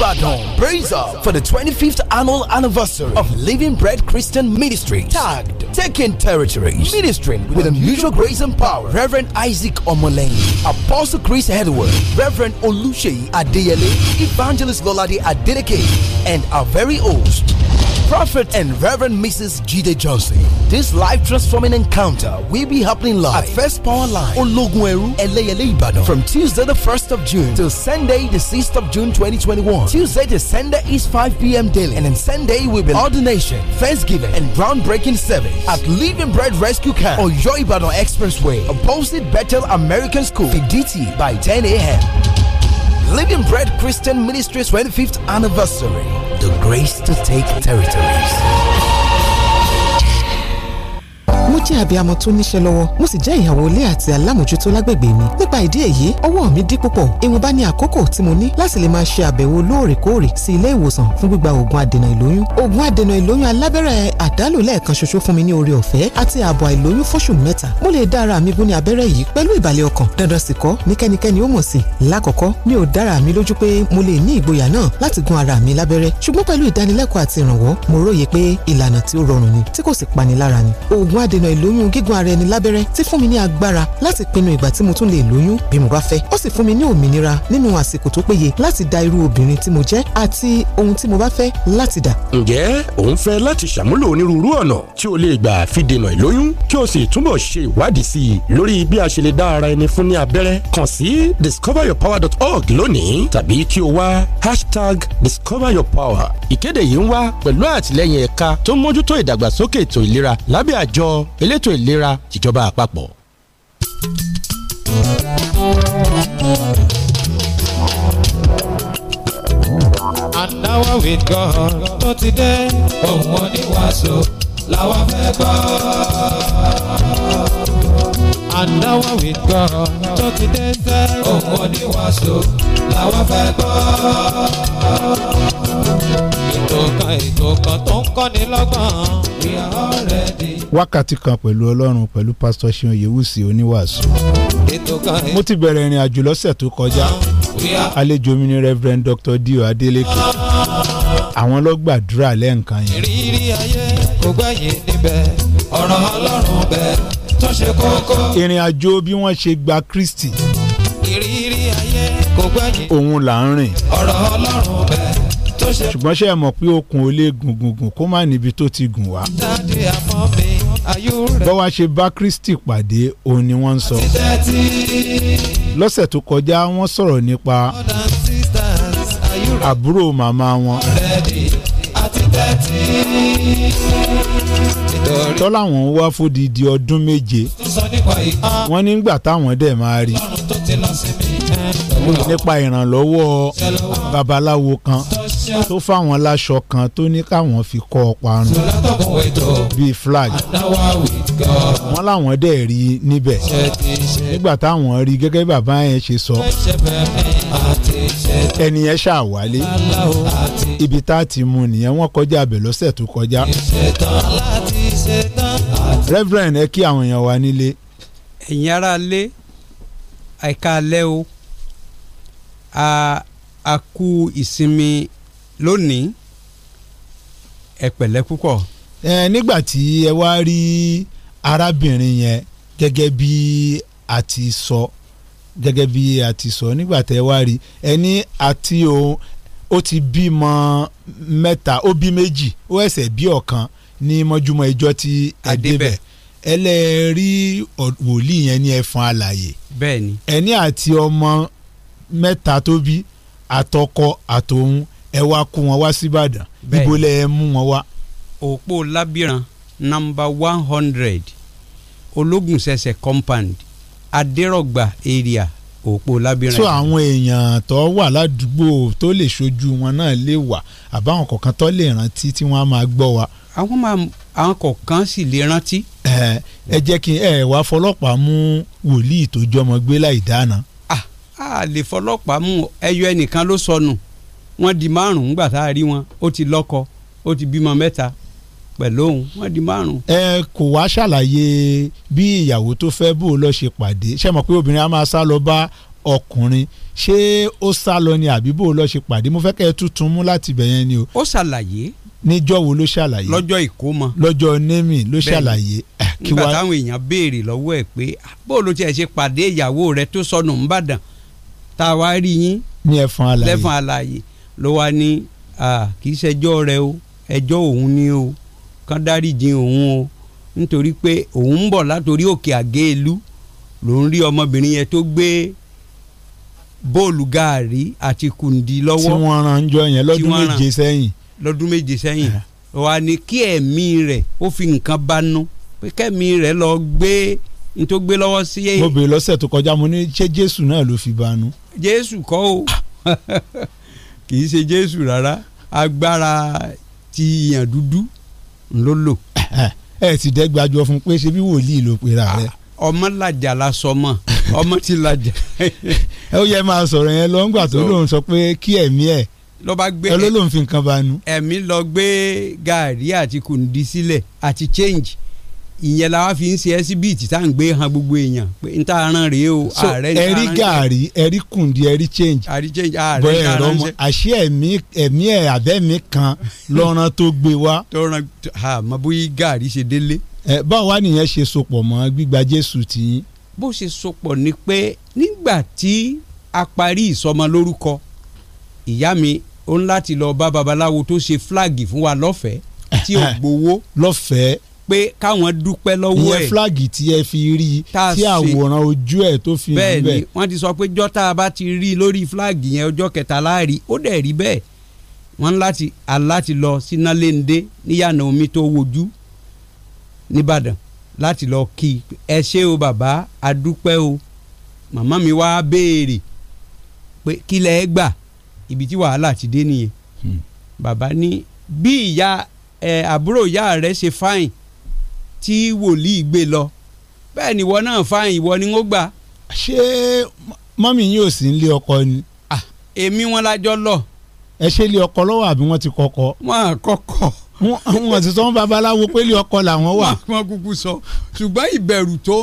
Ibadan. Praise up for the 25th annual anniversary of Living Bread Christian Ministry. Tagged, taking territories, ministering with unusual grace and power. Reverend Isaac Omoleni, Apostle Chris Edward, Reverend Olusheyi Adeyele, Evangelist Lolade Adeleke, and our very host. Prophet and Reverend Mrs. Jide Johnson. This life transforming encounter will be happening live at First Power Line, on Ologunweru, Eleyele, Ibadan from Tuesday the 1st of June till Sunday the 6th of June 2021. Tuesday the Sunday is 5 p.m. daily and on Sunday will be ordination, thanksgiving and groundbreaking service at Living Bread Rescue Camp on Ibadan Expressway opposite Bethel American School, Fiditi by 10 a.m. Living Bread Christian Ministries 25th anniversary. The grace to take territories. jẹ́ abiyamọ tó níṣẹ́ lọ́wọ́ mo sì jẹ́ ìyàwó ilé àti alámòjútó lágbègbè mi nípa ìdí èyí ọwọ́ mi dí púpọ̀ ìwọ̀nba ni àkókò tí mo ní láti lè máa ṣe àbẹ̀wò lóòrèkóòrè sí ilé ìwòsàn fún gbígba oògùn adènà ìlóyún oògùn adènà ìlóyún alábẹ́rẹ́ àdálò lẹ́ẹ̀kan ṣoṣo fún mi ní oore ọ̀fẹ́ àti ààbò àìlóyún fóṣù mẹ́ta mo lè dá ara mi gún ní abẹ́rẹ́ yìí pẹ̀lú ìbàlẹ̀ ọkàn dandan sì kọ́ ní kẹ́nikẹ́ni ó mọ̀ sí lákọ̀ọ́kọ́ mi ò dára mi lójú pé mo lè ní ìgboyà náà láti gún ara mi lábẹ́rẹ́ ṣùgbọ́n pẹ̀lú ìdánilẹ́kọ̀ọ́ àti ìrànwọ́ mo róye pé ìlànà tí ó rọrùn ni tí kò sì pani lára ni oògùn adènà ọ̀nà ìlóyún gígùn ara ẹni lábẹ́rẹ́ ti fún mi ní agbára láti pinnu ìgbà tí mo tún lè lóyún bí mo bá fẹ́ ó sì fún mi ní òmìnira nínú àsìkò tó péye láti da irú obìnrin tí mo jẹ́ àti ohun tí mo bá fẹ́ láti dà. ǹjẹ́ ò ń fẹ́ láti ṣàmúlò onírúurú ọ̀nà tí o lè gbà fi dènà ìlóyún kí o sì túbọ̀ ṣe ìwádìí sí i lórí bí a ṣe lè dá ara ẹni fún ní abẹ́rẹ́ kàn sí discoveryourpower.org lónìí tàbí kí o wá hashtag discoveryourpower ìkéde yìí ń wá pẹ̀lú àtìlẹ́yìn ẹ̀ka tó mójútó ìdàgbàsókè ètò ìlera lábẹ́ àjọ elétò ìlera tìjọba àpapọ̀. and our with God tó ti dé òun oníwàásù làwa fẹ́ gbọ́. and our with God tó ti dé sẹ́ òun oníwàásù làwa fẹ́ gbọ́ we are already. wákàtí kan pẹ̀lú ọlọ́run pẹ̀lú pásítọ̀ ṣeun yewusi oníwàásù. mo ti bẹ̀rẹ̀ ìrìn àjò lọ́sẹ̀ tó kọjá àlejò mi ni reverend dr dio adeleke àwọn ló gbàdúrà lẹ́ǹkan yẹn. ìrírí ayé kò gbẹ̀yìn níbẹ̀ ọ̀rọ̀ ọlọ́run bẹ̀ tó ṣe kókó. ìrìn àjò bí wọ́n ṣe gba kristi. ìrírí ayé kò gbẹ̀yìn. òun là ń rìn. ọ̀rọ̀ ọlọ́run bẹ̀ ṣùgbọ́n ṣe é mọ̀ pé okùn ò lè gùn gùn gùn kó má níbi tó ti gùn wá. bọ́wá ṣe bá Kristi pàdé òun ni wọ́n ń sọ. lọ́sẹ̀ tó kọjá wọ́n sọ̀rọ̀ nípa àbúrò màmá wọn tọ́láwọn wá fódìdí ọdún méje wọ́n nígbà táwọn dẹ̀ máa rí i nípa ìrànlọ́wọ́ babaláwo kan tó fáwọn láṣọ kan tó ní káwọn fi kọ́ ọ parun bíi flag wọ́n láwọn dẹ̀ rí níbẹ̀ nígbà táwọn rí gẹ́gẹ́ bàbá yẹn ṣe sọ ẹni yẹn ṣàwálé ibi tá a ti mú nìyẹn wọ́n kọjá abẹ lọ́sẹ̀ tó kọjá reverend ẹ kí àwọn èèyàn wa nílé. ẹ̀yin ará lé ẹ̀ka alẹ́ o a a kú ìsinmi lónìí ẹ pẹ̀lẹ́ púpọ̀. ẹ nígbà tí ẹ wá rí arábìnrin yẹn gẹ́gẹ́ bí a ti sọ gẹ́gẹ́ bí a ti sọ nígbà tẹ wá rí ẹ ní àti òun ó ti bímọ mẹ́ta ó bí méjì ó ẹ̀sẹ̀ bí ọ̀kan ní mọ́júmọ́ ìjọ tí ẹ débẹ̀ ẹlẹ́ẹ̀rí wòlíì yẹn ní ẹ̀fọn alàyè bẹ́ẹ̀ni ẹni àti ọmọ mẹ́ta tó bí àtọkọ àtòun ẹ wá kó wọn wá síbàdàn ibo lẹ ẹ mú wọn wá. òpó lábìrán nọ́mbà one hundred ológùnsẹsẹ compound adérọ̀gbà area òpó lábìrán. so àwọn èèyàn tó wà ládùúgbò tó lè ṣojú wọn náà lè wà àbáwọn kọ̀ọ̀kan tó lè rántí tí wọ́n á máa gbọ́ wa. àwọn máa àwọn kọ̀ọ̀kan sì lè rántí. ẹ jẹ́ kí ẹ wá fọlọ́pàá mú wòlíì tó jọmọ gbé láì dáná. a lè fọlọ́pàá mú ẹyọ ẹnìkan ló sọnù wọ́n di márùn-ún nígbà tá a rí wọn ó ti lọ́kọ ó ti bímọ mẹ́ta pẹ̀lú òun wọ́n di márùn-ún. ẹ kò wá ṣàlàyé bí ìyàwó tó fẹ́ bò lọ ṣe pàdé ṣé mọ̀ pé obìnrin á máa sá lọ bá ọkùnrin ṣé ó sá lọ ni àbí bó lọ ṣe pàdé mo fẹ́ kẹ́ ẹ tuntun mú láti ibẹ̀ yẹn ni o. ó ṣàlàyé. níjọ́ wo ló ṣàlàyé. lọ́jọ́ ìkómọ. lọ́jọ́ némì ló ṣàlàyé. Ah, nígbà táwọn èèyàn béèrè lọ́wọ́ ẹ̀ pé ah, bó ló tiẹ̀ ṣe pàdé ìyàwó rẹ̀ tó sọnù ńbàdàn tá a wá rí yín. ní ẹ̀fọn àlàyé lẹ́fọn àlàyé ló wá ní kì í ṣẹjọ́ rẹ o ẹjọ́ òun ni o kán dáríjì òun o nítorí pé òun ń bọ̀ látòrí òkè àgé ìlú lòún rí ọmọbìnrin yẹn tó gbé bóòlù gaari àti kùndí lọ́wọ́. tí wọ́n ran jọ yẹn lọ́dún méje sẹ́yìn. lọ́dún méje sẹ́yìn wà ní kí ẹ̀mí rẹ̀ ó fi nǹkan bá nú pé kẹ́mi rẹ̀ lọ gbé n tó gbé lọ́wọ́ sí yẹn. mo bèrè lọ́sẹ̀ tó kọjá mo ní ṣé jésù náà ló fi bá jésù kọ́ o kì í ṣe jésù rárá agbára ti ìyàn dúdú ló lò. ẹ ti dẹ́gbàjọ fún pé ṣé bí wòlíì ló pera rẹ̀. Ah ọmọ làjà la sọmọ ọmọ ti làjà. ẹ ó yẹ máa sọ̀rọ̀ yẹn lọ ńgbà tó lóun sọ pé kí ẹ̀mí ẹ̀ ló bá gbé olólùm fi nǹkan bá nu. ẹ̀mí lọ gbé gàrí àti kùndí sílẹ̀ àti change ìyẹn la wá fi ń ṣe ẹsibíìtì tá à ń gbé han gbogbo èèyàn pé n ta aran rèé o ààrẹ ní aran jẹ. ẹ̀rí gàrí ẹ̀rí kùndí ẹ̀rí change. àrí change ààrẹ ní aran jẹ. àṣé ẹ̀mí ẹ̀mí ẹ̀ abẹ́mi kan lọ́ran tó gbé wá. tọ́ran àmọ́ bóyá gàrí ṣe délé ẹ báwo wá nìyẹn ṣe sopọ̀ mọ́ gbígba Jésù tí. bó ṣe sopọ̀ ni pé nígbà tí a parí ìsọmọ lórúkọ ìyá mi ó ń láti lọ bá babaláwo tó ṣe fúláàgì fún wa lọ́fẹ̀ẹ́ tí ó gbowó. lọ́fẹ̀ẹ́ pé káwọn dúpẹ́ lọ́wọ́ ẹ̀. ìyẹn fúláàgì tí ẹ fi rí i tí àwòrán ojú ẹ̀ tó fi hàn bẹ́ẹ̀. bẹ́ẹ̀ni wọ́n ti sọ pé jọ́tà bá ti rí i lórí fúláàgì yẹn ọjọ́ kẹta láàrí ó dẹ̀ rí bẹ́ẹ̀ wọ́n láti aláti lọ sí níyànà omi tó wojú nìbàdàn láti lọ kí ẹ ṣé o bàbá adúpẹ́ o màmá mi wá béèrè pé kí lẹ ẹ gbà ibi tí wàhálà ti dé nìyẹn hmm. bàbá ní bí ìyá ẹ àbúrò ìyá rẹ ṣe fáìn tí wòlíì gbé lọ bẹ́ẹ̀ ni ìwọ náà fáìn ìwọ ni ó gbà. ṣé mọ́mì yín ò sí ń lé ọkọ ni. Ah, èmi wọn lájọ lọ. ẹ ṣe lé ọkọ lọ́wọ́ àbí wọ́n ti kọ́kọ́. wọ́n á kọ́kọ́ wọn ti sọ babaláwo pé ilé ọkọ làwọn wà. wọn kúkú sọ ṣùgbọ́n ìbẹ̀rù tó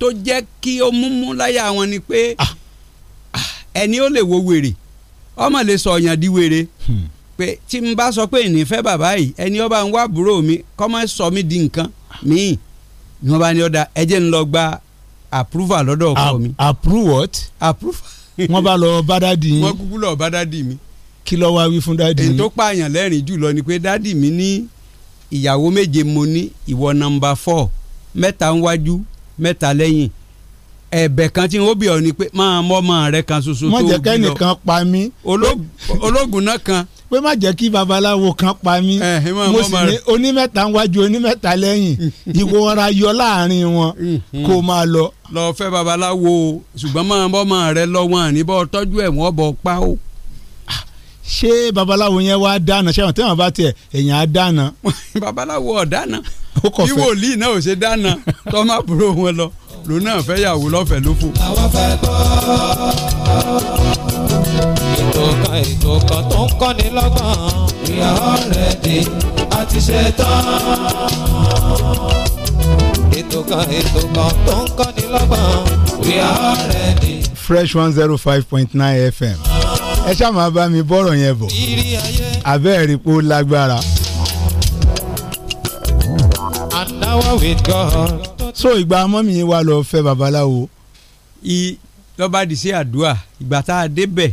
tó jẹ́ kí ó múmú láyà wọn ni pé ah. Ah, ẹni ó lè wo wèrè ọmọ lè sọ ọ̀yàn di wèrè hmm. pé tí n bá sọ pé ìní fẹ́ bàbá yìí ẹni ọba ń wá àbúrò mi kọ́mọ sọ mi di nǹkan míì ni wọ́n bá ní ọ̀dà ẹ ń lọ gba approval lọ́dọ̀ ọkọ mi. approve what? approve. wọ́n bá lọ bádádì yín. wọ́n kúkú lọ bádádì mi kí ló wá wí fún dáàdì èyí tó pààyàn lẹ́rìn jùlọ ni pé dáàdì mi ní ìyàwó méje mo ní ìwọ nọ́mbà fọ́ mẹ́ta ń wájú mẹ́ta lẹ́yìn ẹ̀bẹ̀ kan tí wọ́n bí ọ ni pé máa mọ́ ọmọ rẹ kan ṣoṣo tó bí lọ. wọ́n jẹ́ kẹ́nìkan pa mí. ológun náà kan. pé má jẹ́ kí babaláwo kan pa mí. mo sì ní onímẹ́ta ń wájú onímẹ́ta lẹ́yìn ìwọ ọ̀ra yọ láàrin wọn kó máa lọ. lọ fẹ́ babaláwo ṣùgbọ́n máa bọ́ ọmọ rẹ lọ àníbọ̀ tọ́jú ẹ̀ bọ̀ pa ó ṣé babaláwo yẹn wá dáná ṣé àwọn tẹ́wọ̀n bá tiẹ̀ èèyàn á dáná. babaláwo ọ̀dáná bí wòlíì náà ò ṣe dáná tọ́mọ àbúrò wọn lọ lòun náà fẹ́ yàwó lọ́fẹ̀ẹ́ ló fò. àwa fẹ́ gbọ́ ìtòkàn ìtòkàn tó ń kọ́ni lọ́gbọ̀n ìyàwó rẹ̀ dé àti ṣetán ètò kan tó ń kọ́ni lọ́gbọ̀n we are ready. fresh one zero five point nine fm ẹ ṣáà máa bá mi bọ́rọ̀ yẹn bọ̀ abẹ́ẹ̀rí pé ó lágbára. so ìgbà mọ́mí wa lọ fẹ́ babaláwo. lọ́ba dì sí àdúrà ìgbà tá a débẹ̀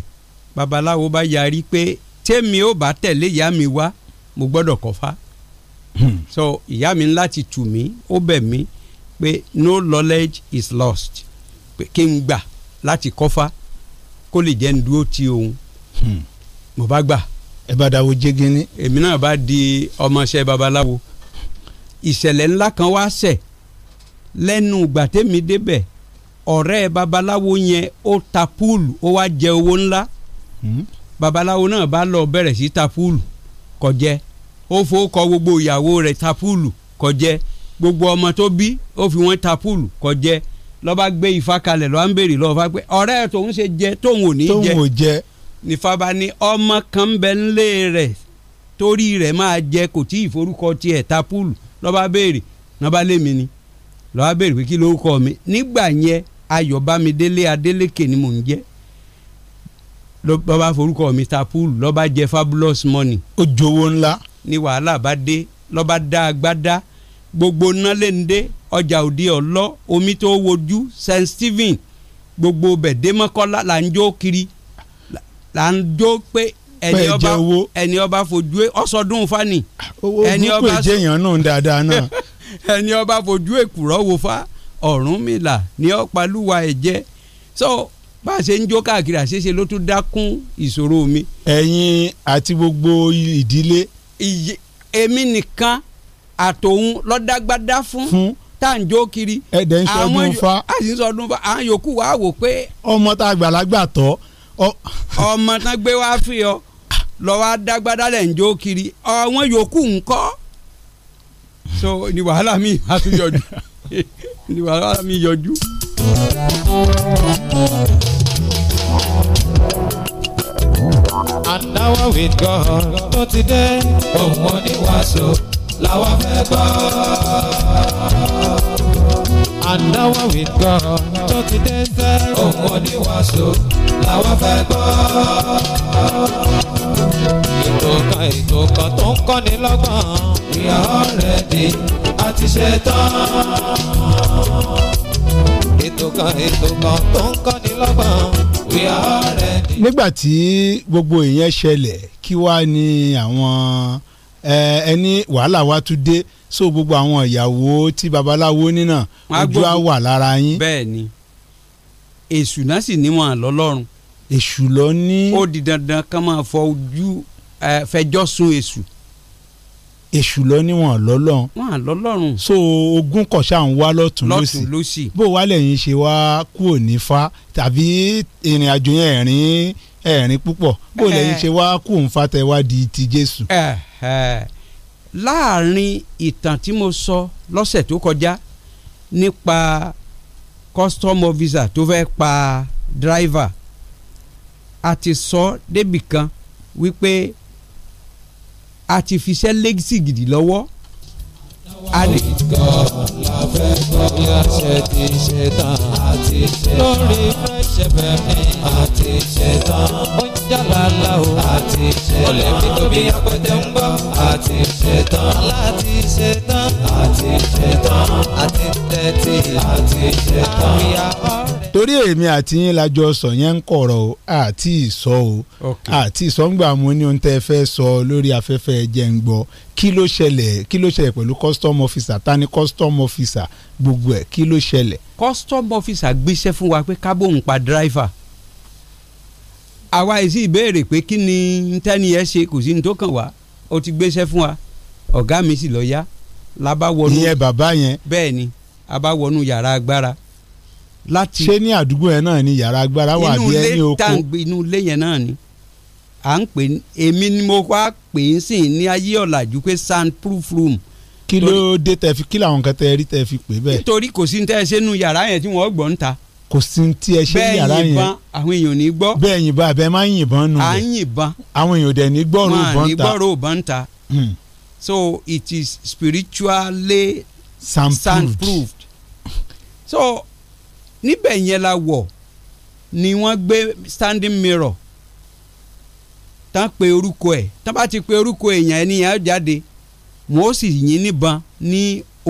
babaláwo bá yarí pé tèmi ò bá tẹ̀lé ìyá mi wá mo gbọ́dọ̀ kọ́fá hmm. so ìyá mi láti tù mí ó bẹ̀ mí pé no knowledge is lost pé kí n gbà láti kọ́fá kó lè jẹ́ ń dúró ti òun mo bá gbà ẹ bá dáwọ́ jégínní èmi náà bá di ọmọọṣẹ́ babaláwo ìṣẹ̀lẹ̀ ńlá kan wá ṣẹ̀ lẹ́nu gbàtẹ́mi débẹ̀ ọ̀rẹ́ babaláwo yẹn ó ta púùlù ó wá jẹ owó ńlá hmm? babaláwo náà bá lọ bẹ̀rẹ̀ sí ta púùlù kò jẹ ó fowókọ gbogbo ìyàwó rẹ̀ ta púùlù kò gbogbo ọmọ tó bí ó fi wọ́n ta púùlù kò lọ́ba gbé ifá kalẹ̀ lọ́wọ́ ń béèrè lọ́wọ́ fá pé ọ̀rẹ́ tòun ṣe jẹ tóun ò ní jẹ tóun ò jẹ nífàbà ni ọmọ kan ń bẹ nílé rẹ̀ torí rẹ̀ máa jẹ kò tí ì forúkọ tiẹ̀ ta púùlù lọ́ba béèrè lọ́ba lémi ni lọ́ba béèrè pé kí ló kọ́ mi nígbà yẹn ayọ̀bámidélé adélékè ni mò ń jẹ́ lọ́ba forúkọ mi ta púùlù lọ́ba jẹ fabulous money. ó jowó ńlá. ni wàhálà bá dé lọ́ba dá agbádá gbogbo nálẹ́ndé ọjà òde ọ̀lọ́ omi tó wojú st stephen gbogbo bẹ̀dẹ́mọ́kọ́lá là ń jó kiri La ń jó pé ẹni ọba ẹni ọba fojú ọsọdún fani ah, ẹni ọba owó pèjé yàn náà dáadáa náà ẹni ọba fojú èkùrọ́ wo fa Ọ̀rúnmìlà ní ọ̀pálùwà ẹ̀jẹ̀ so bá a ṣe ń jó káàkiri àṣeṣe ló tún dákún ìṣòro mi. ẹ̀yin àti gbogbo ìdílé. iye èmi nìkan àtòun lọ́dágbádá fún tá à ń jó kiri. ẹ̀dẹ̀ a sì ń sọdún fa àwọn yòókù wa wò pé. ọmọ tá a gbàlagbà tọ́ ọmọ tán gbé wá fi ọ lọ́wọ́ adágbádá lẹ̀ ń jó kiri àwọn yòókù ń kọ́ so ni wàhálà mi máa tún yọjú ni wàhálà mi yọjú. and now with God tó ti dé òun mo ní wàásù làwọn fẹ́ gbọ́. and now with God ti dé sẹ́. Òun oníwàásù làwọn fẹ́ gbọ́. Ètò kan ètò kan tó ń kọ́ni lọ́gbọ̀n. We are already a ti ṣe Ètò kan ètò kan tó ń kọ́ni lọ́gbọ̀n. We are already. Nígbà tí gbogbo ìyẹn ṣẹlẹ̀ kí wá ní àwọn ẹni wàhálà wa tún dé so gbogbo àwọn ìyàwó tí babaláwo nínà ojú á wà lára yín. bẹ́ẹ̀ èṣù náà sì ní wọn lọ́lọ́run. èṣù lọ ní. ó di dandan ká máa fọ ojú fẹjọ́ sun èṣù. èṣù lọ ní wọn lọ́lọ́run. wọn lọ́lọ́run. so ogun kọ̀ṣà ń wá lọ́tún lọ́sì. lọ́tún lọ́sì. bó wàá lẹ́yìn ṣe wá kúrò nífa tàbí ìrìn àjò yẹn ẹ̀rín ẹ̀rín púpọ̀ bó eh. lẹ́yìn ṣe wá kúrò nífa tẹ̀ wá di ti jésù. Eh, eh. láàárín ìtàn tí mo sọ lọ́sẹ̀ tó kọjá nípa custom officer tó fẹ́ pa driver a ti sọ débì kan wípé a ti fiṣẹ́ lẹ́gìsì gidi lọ́wọ́ àdìgọ́ la fẹ́ gbọ́ bí a ṣe ti ṣe tán àti ṣe tán lórí Fresh FM àti ṣe tán ó ń jàlálà o àti ṣe tán ó lè fi tóbi apẹ̀tẹ̀ ń bọ̀ àti ṣe tán láti ṣe tán àti ṣe tán àti tẹ̀tì àti ṣe tán àríyá ọ̀rọ̀ torí èmi àti yín la jọ sọ yẹn ń kọ̀rọ̀ o àti ìsọ o àti ìsọ̀ǹgbà mo ní ohun tẹ́ ẹ fẹ́ sọ lórí afẹ́fẹ́ jẹ́ ń gbọ́ kí ló ṣẹlẹ̀ kí ló ṣẹlẹ̀ pẹ̀lú custom officer ta ni custom officer gbogbo ẹ̀ kí ló ṣẹlẹ̀. custom officer gbéṣẹ́ fún wa pé kábò ń pa driver àwa èsì ìbéèrè pé kí ni ntẹ́ni ẹ ṣe kò sí ní tó kàn wá ó ti gbéṣẹ́ fún wa ọ̀gá mi sì lọ yá labá wọnú. ìyẹn bàbá yẹn. bẹ́ẹ̀ ni a bá wọnú yàrá agbára láti. ṣé ní àdúgbò yẹn náà ni yàrá agbára wà bí ẹni oko. inú ilé yẹn náà ni à ń pè èmi ni mo wá pè é sí ní ayé ọ̀làjú pé sand room. kí ló dé tẹ fi kí làwọn kan tẹ rí tẹ fi pè bẹ́ẹ̀. nítorí kò sí tẹ ṣe nu yàrá yẹn tí wọ́n gbọ́ ń ta kò sí tí ẹ ṣe ní yàrá yẹn bẹ́ẹ̀ yìnbọn àwọn èèyàn ní gbọ́ bẹ́ẹ̀ yìnbọn àbẹ máa ń yìnbọn nù. à ń yìnbọn àwọn èèyàn dẹ̀ ní gbọ́rò bọ́ǹta máa ní gbọ́rò hmm. so it is spiritually soundproofed. so níbẹ̀ yẹn la wọ̀ ni wọ́n gbé standing mirror tán pe orúkọ ẹ̀ tán bá ti pe orúkọ èèyàn ẹni yẹn jáde wọ́n ó sì yín níbọn ní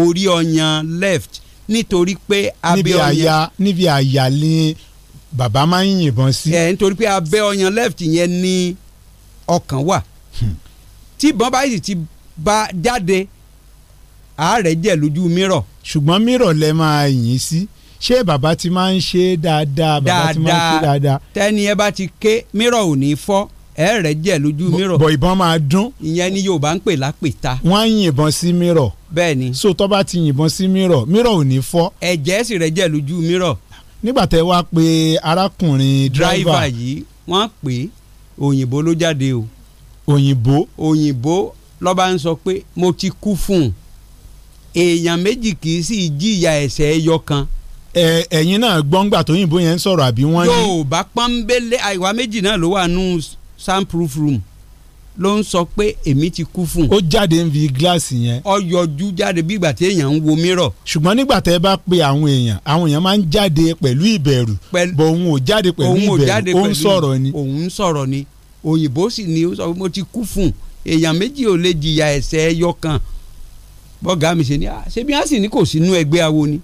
orí ọyàn left nítorí pé abẹ́ ọyàn níbi àyà ni bàbá máa ń yìnbọn sí. ẹ nítorí pé abẹ́ ọyàn left yẹn ni ọkàn wà hmm. tí ìbọn bá sì ti bá jáde àárẹ̀ jẹ̀ lójú mírọ̀. ṣùgbọ́n mírọ̀ lẹ máa yìn sí. Si ṣé bàbá ti máa ń ṣe dáadáa bàbá ti máa ń ṣe dáadáa. tẹ́ni ẹ bá ti ké mírọ̀ ò ní fọ́ ẹ rẹ̀ jẹ́ lójú mírọ̀. bọ̀ ìbọn máa dún. ìyẹn ni Yorùbá ń pè lápèta. wọ́n á yìnbọn sí mírọ̀. bẹ́ẹ̀ni. so tó bá ti yìnbọn sí mírọ̀ mírọ̀ ò ní fọ́. ẹ̀jẹ̀ sì rẹ̀ jẹ́ lójú mírọ̀. nígbà tẹ wá pé arákùnrin dráìvà yìí wọ́n pè òyìnbó ló jáde o. òyìnbó. òyìnbó lọ́ba ń sọ pé mo ti kú fún un èèyàn méjì kì í sì jìyà ẹ̀ṣẹ̀ ẹyọ kan ẹ̀yin náà gbọ́ngbà tó yìnbó yẹn sọ̀rọ̀ àbí wọ́n ní. yóò bá pọ́nbélé àìwá méjì náà ló wà nù soundproof ló ń sọ pé èmi ti kú fún. ó jáde ń fi gíláàsì yẹn. ọyọjú jáde bí ìgbà tí èèyàn ń wo mírọ̀. ṣùgbọ́n nígbà tẹ́ àwọn èèyàn àwọn èèyàn máa ń pẹ̀lú ìbẹ̀rù. bọ̀ òun ò jáde pẹ̀lú ìbẹ̀rù òun sọ̀rọ̀ ni.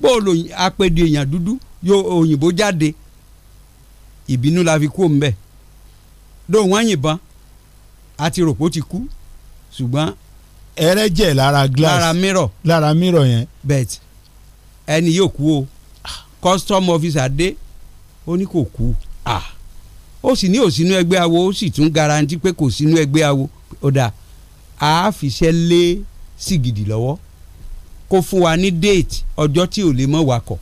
bóòlù apèdè èèyàn dúdú yóò òyìnbó jáde ìbínú la fi kú òǹbẹ dó wọn yìnbọn àti rògbò ti kú ṣùgbọ́n. ẹrẹ jẹ lára glass lára mirror lára mirror yẹn. bet ẹni yóò kú o custom officer dé ó ní kò kú ó sì ní òsínú ẹgbẹ́ awo ó sì tún garanti pé kò sínú ẹgbẹ́ awo ó dáa àá fiṣẹ́ lé sìgìdì lọ́wọ́ kó fún wa ní date ọjọ́ tí ò lè mọ̀ wakọ̀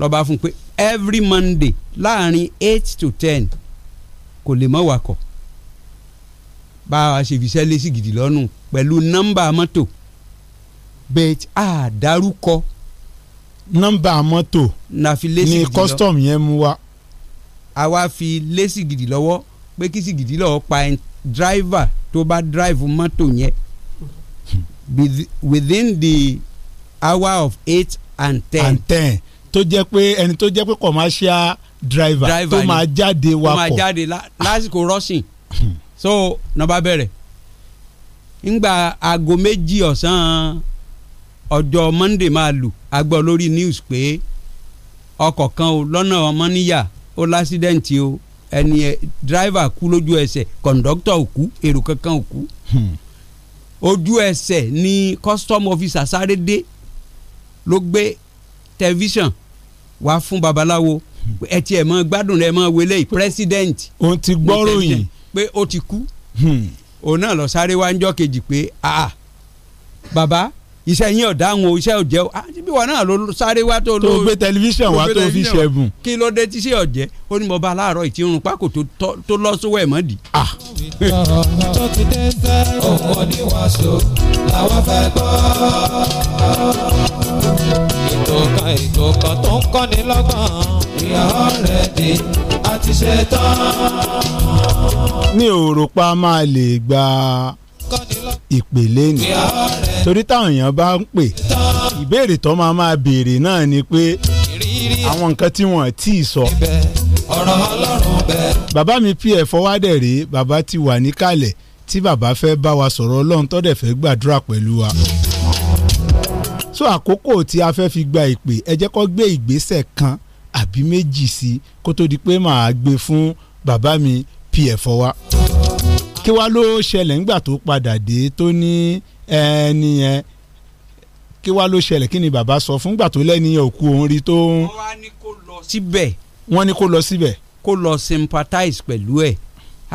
lọ́ba fún pé every monday láàrin eight to ten kò lè mọ̀ wakọ̀ bá a ṣe fi sẹ́lẹ̀ sí gidi lọ́nù pẹ̀lú nọ́mbà mọ́tò bet a dárúkọ. nọ́mbà mọ́tò ni custom yẹn mú wa. a wá fi lé gidi lọ́wọ́ pé kí sìgìdì lọ́wọ́ pa ẹ̀ driver tó bá drive mọ́tò yẹn within the hour of eight and ten. and ten tó jẹ́ pé ẹni tó jẹ́ pé commercial driver tó máa jáde wakọ̀ tó máa jáde lásìkò rushing so nọba bẹ̀rẹ̀ ngba aago méjì ọ̀sán ọjọ́ monday máa lù agbọ́ lórí news pé ọkọ̀ kan o lọ́nà ọmọ níyà ó lásìdẹ́ǹtì o ẹni ẹ driver kú lójú ẹsẹ̀ kọ̀ǹdọ́tọ̀ ò kú èrò kankan ò kú hmm. ojú ẹsẹ̀ ni custom officer sáré dé ló gbé tẹlifíṣàn wá fún babaláwo hmm. ẹ tiẹ̀ mọ gbádùn rẹ mọ wele yìí president. o ti gbọ́ròyìn pé ó ti kú hmm. òun náà lọ sáré wá ńjọ́ kejì pé ah baba iṣẹ́ yín ọ̀dá àwọn iṣẹ́ ọ̀jẹ́ o ah, bí wọn náà ló sáré wá tó ló. tó gbé tẹlifíṣàn wá tó fi ṣẹ́gun. kí ló dé tí ṣe ọ̀jẹ́ ó ní mo bá aláàárọ̀ ìtì irun pákó tó lọ sówó ẹ̀ mọ́ di. Ah. ọ̀pọ̀ ni wàásù làwọn fẹ́ gbọ́ ètò kan tó ń kọ́ni lọ́gbọ̀n. we are ready a ti ṣe tán. mi ò rò pa máa lè gba ìpele ni torí táwọn èèyàn bá ń pè ìbéèrè tó máa máa béèrè náà ni pé àwọn nǹkan tí wọ́n ti sọ. bàbá mi pf fọwádẹ̀ bàbá ti wà níkàlẹ̀ tí bàbá fẹ́ bá wa sọ̀rọ̀ ọlọ́run tó dẹ̀ fẹ́ gbàdúrà pẹ̀lú wa so àkókò tí a fẹ́ fi gba ìpè ẹ jẹ́ kó gbé ìgbésẹ̀ kan àbí méjì sí kó tó di pé màá gbé fún bàbá mi pf wa. kí wá ló ṣẹlẹ̀ nígbà tó padà dé tó ní ẹni yẹn kí wá ló ṣẹlẹ̀ kí ni bàbá sọ fún gbà tó lẹ́ni òkú òun rí tó. wọ́n wá ní kó lọ síbẹ̀. wọ́n ní kó lọ síbẹ̀. kó lọ sympathize pẹ̀lú ẹ̀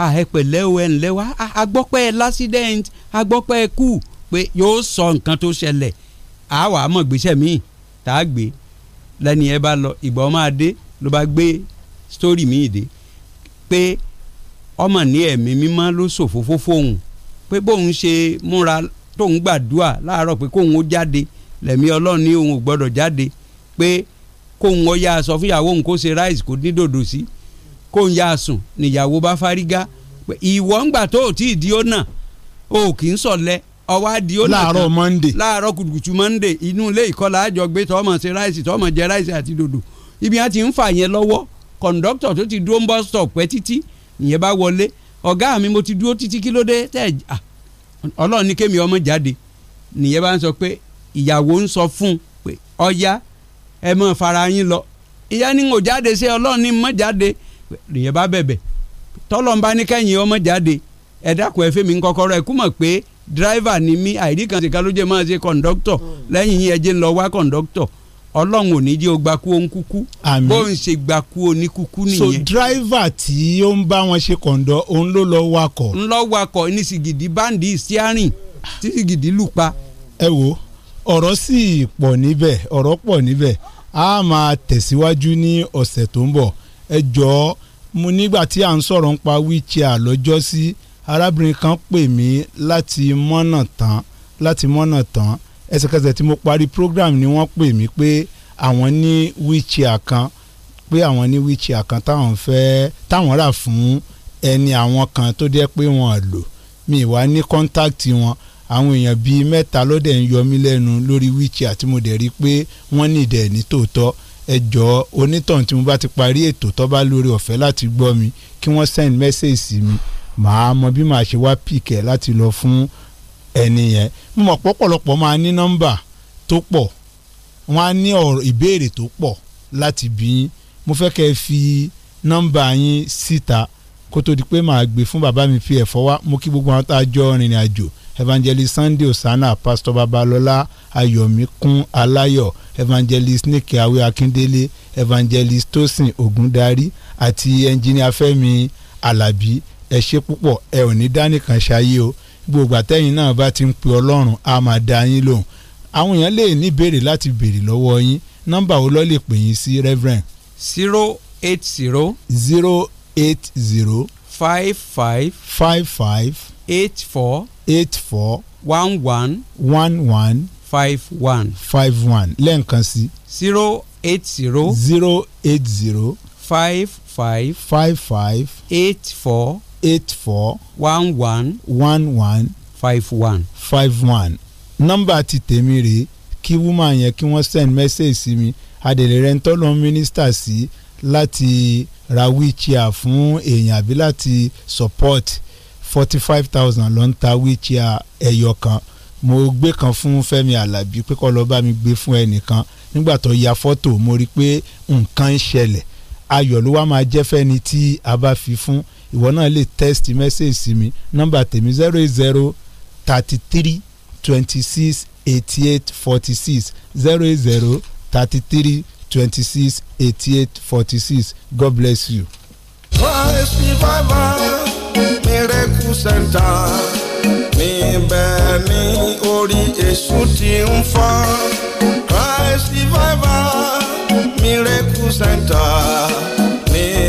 ah ẹ pẹ̀lẹ́ o ẹ ǹlẹ́ wá agbọ́pẹ́ accident agbọ́pẹ́ kú pé yóò sọ nǹkan tó ṣẹlẹ̀ a mọ̀ taa míì tá a gbé lẹ́ni ẹ lọ ìgbà ọmọ adé ló bá gbé sítórì míì dé pé ọmọ ní ẹ̀mí mímọ́ ló ṣòfófó fóun pé bóun ṣe múra tóun gbàdúrà láàárọ̀ pé kóun ó jáde ọlọ́run ní òun ò gbọ́dọ̀ jáde pé kóun ó yá aṣọ fúnyàwó òun kó ṣe ráìsì kó dòdò sí kóun yá níyàwó bá fárígá o kì í ọwọ́ adi ó nàta láàárọ̀ monday láàárọ̀ kùtùkùtù monday inú ilé ìkọlà àjọgbé tọmọ ṣe ráìsì tọmọ jẹ ráìsì ibi a ti ń fà yẹn lọ́wọ́ ti dúró ń bọ́ stọ̀ pẹ́ títí ìyẹn mi mo ti dúró títí kí ló dé tẹ́ ọlọ́run ní kémi ọmọ jáde sọ pé ìyàwó sọ fún pé ọya ẹ mọ fara yín lọ ìyá ni jáde ṣé ọlọ́run ní jáde nìyẹn bá bẹ̀bẹ̀ ní kẹ́yìn ẹ ẹ kú mọ̀ Driver ni mí àìrí kan ṣìkan ló jẹ́ máa ṣe kọ̀ǹdọ́tọ̀ mm. lẹ́yìn yẹn jẹ́ ń lọ wá kọ̀ǹdọ́tọ̀ ọlọ́run ò ní jẹ́ o kú òun kúkú bó ń ṣe gba kú òní kúkú nìyẹn. so driver tí ó ń bá wọn ṣe kọ̀ǹdọ̀ òun ló lọ wakọ̀. ń lọ wakọ̀ ní sìgìdì báńdì síárìn tí sìgìdì lù pa. ẹ wo ọ̀rọ̀ sì pọ̀ níbẹ̀ ọ̀rọ̀ pọ̀ níbẹ̀ a máa tẹ̀síwájú ní ọ̀sẹ̀ tó ń bọ̀ ẹ jọ̀ọ́ nígbà tí à ń sọ̀rọ̀ ń pa wheelchair lọ́jọ́sí arábìnrin kan pè mí láti mọ́nà tán láti mọ́nà tán ẹsẹ̀kẹsẹ̀ tí mo parí program ni wọ́n pè mí pé àwọn ní wheelchair kan pé àwọn ní wheelchair kan táwọn fẹ́ táwọn rà fún ẹni àwọn kan tó jẹ́ pé wọ́n lò mi wá ní contact wọn àwọn èèyàn bíi mẹ́ta ló dẹ̀ ń yọ mí lẹ́nu lórí wheelchair tí mo dẹ̀ rí pé wọ́n nìdẹ̀ ní tòótọ́ ẹjọ́ onítàn tí mo bá ti parí ètò tó lórí ọ̀fẹ́ láti gbọ́ mi kí wọ́n send message sí mi. Mm -hmm màá mọ bí màá ṣe wá pìkẹ́ láti lọ fún ẹni yẹn mo mọ̀ pọ̀pọ̀lọpọ̀ máa ní nọ́mbà tó pọ̀ wọ́n á ní ọ̀rọ̀ ìbéèrè tó pọ̀ láti bí yín mo fẹ́ kẹ́ ẹ fi nọ́mbà yín síta kó tó di pé màá gbé fún bàbá mi fi ẹ̀fọ́ wá mo kí gbogbo àwọn tá a jọ rìnrìn àjò evangelist sunday osana pastor babalọlá ayọ̀míkún alayo evangelist nike awe akindele evangelist tosin ogundari àti engineer fẹ́mi alábí ẹ ṣe púpọ̀ ẹ ò ní dánìkan ṣayé o gbogbo àtẹ̀yìn náà bá ti ń pe ọlọ́run a máa dá yín lóhùn àwọn èèyàn lè ní béèrè láti béèrè lọ́wọ́ yín nọ́mbà wo ló lè pè yín sí reverend. zero eight zero. zero eight zero. five five. five five. eight four. eight four. one one. one one. five one. five one lẹ́ǹkan sí. zero eight zero. zero eight zero. five five. five five. eight four eight four. one one. one one. five one. five one. nọ́mbà ti tèmi rèé kí woman yẹn kí wọ́n send message sí mi adèlè rẹ̀ ń tọ́lọ́ mínísítà sí láti ra wheelchair fún èèyàn àbí láti support forty five thousand ló ń ta wheelchair ẹyọ kan mo gbé kan fún Fẹ́mi Alábí pé kó bá mi gbé fún ẹnìkan nígbà tó ya fọ́tò mo rí i pé nǹkan ń ṣẹlẹ̀ ayọ̀ ló wá máa jẹ́ fẹ́ni tí a bá fi fún ìwọ náà lè test? message sí mi nọ́mbà tèmi zero eight zero thirty three twenty six eighty eight forty six zero eight zero thirty three twenty six eighty eight forty six God bless you. láìsí bàbá miracle center níbẹ̀ ni orí èṣù ti ń fọ́ láìsí bàbá miracle center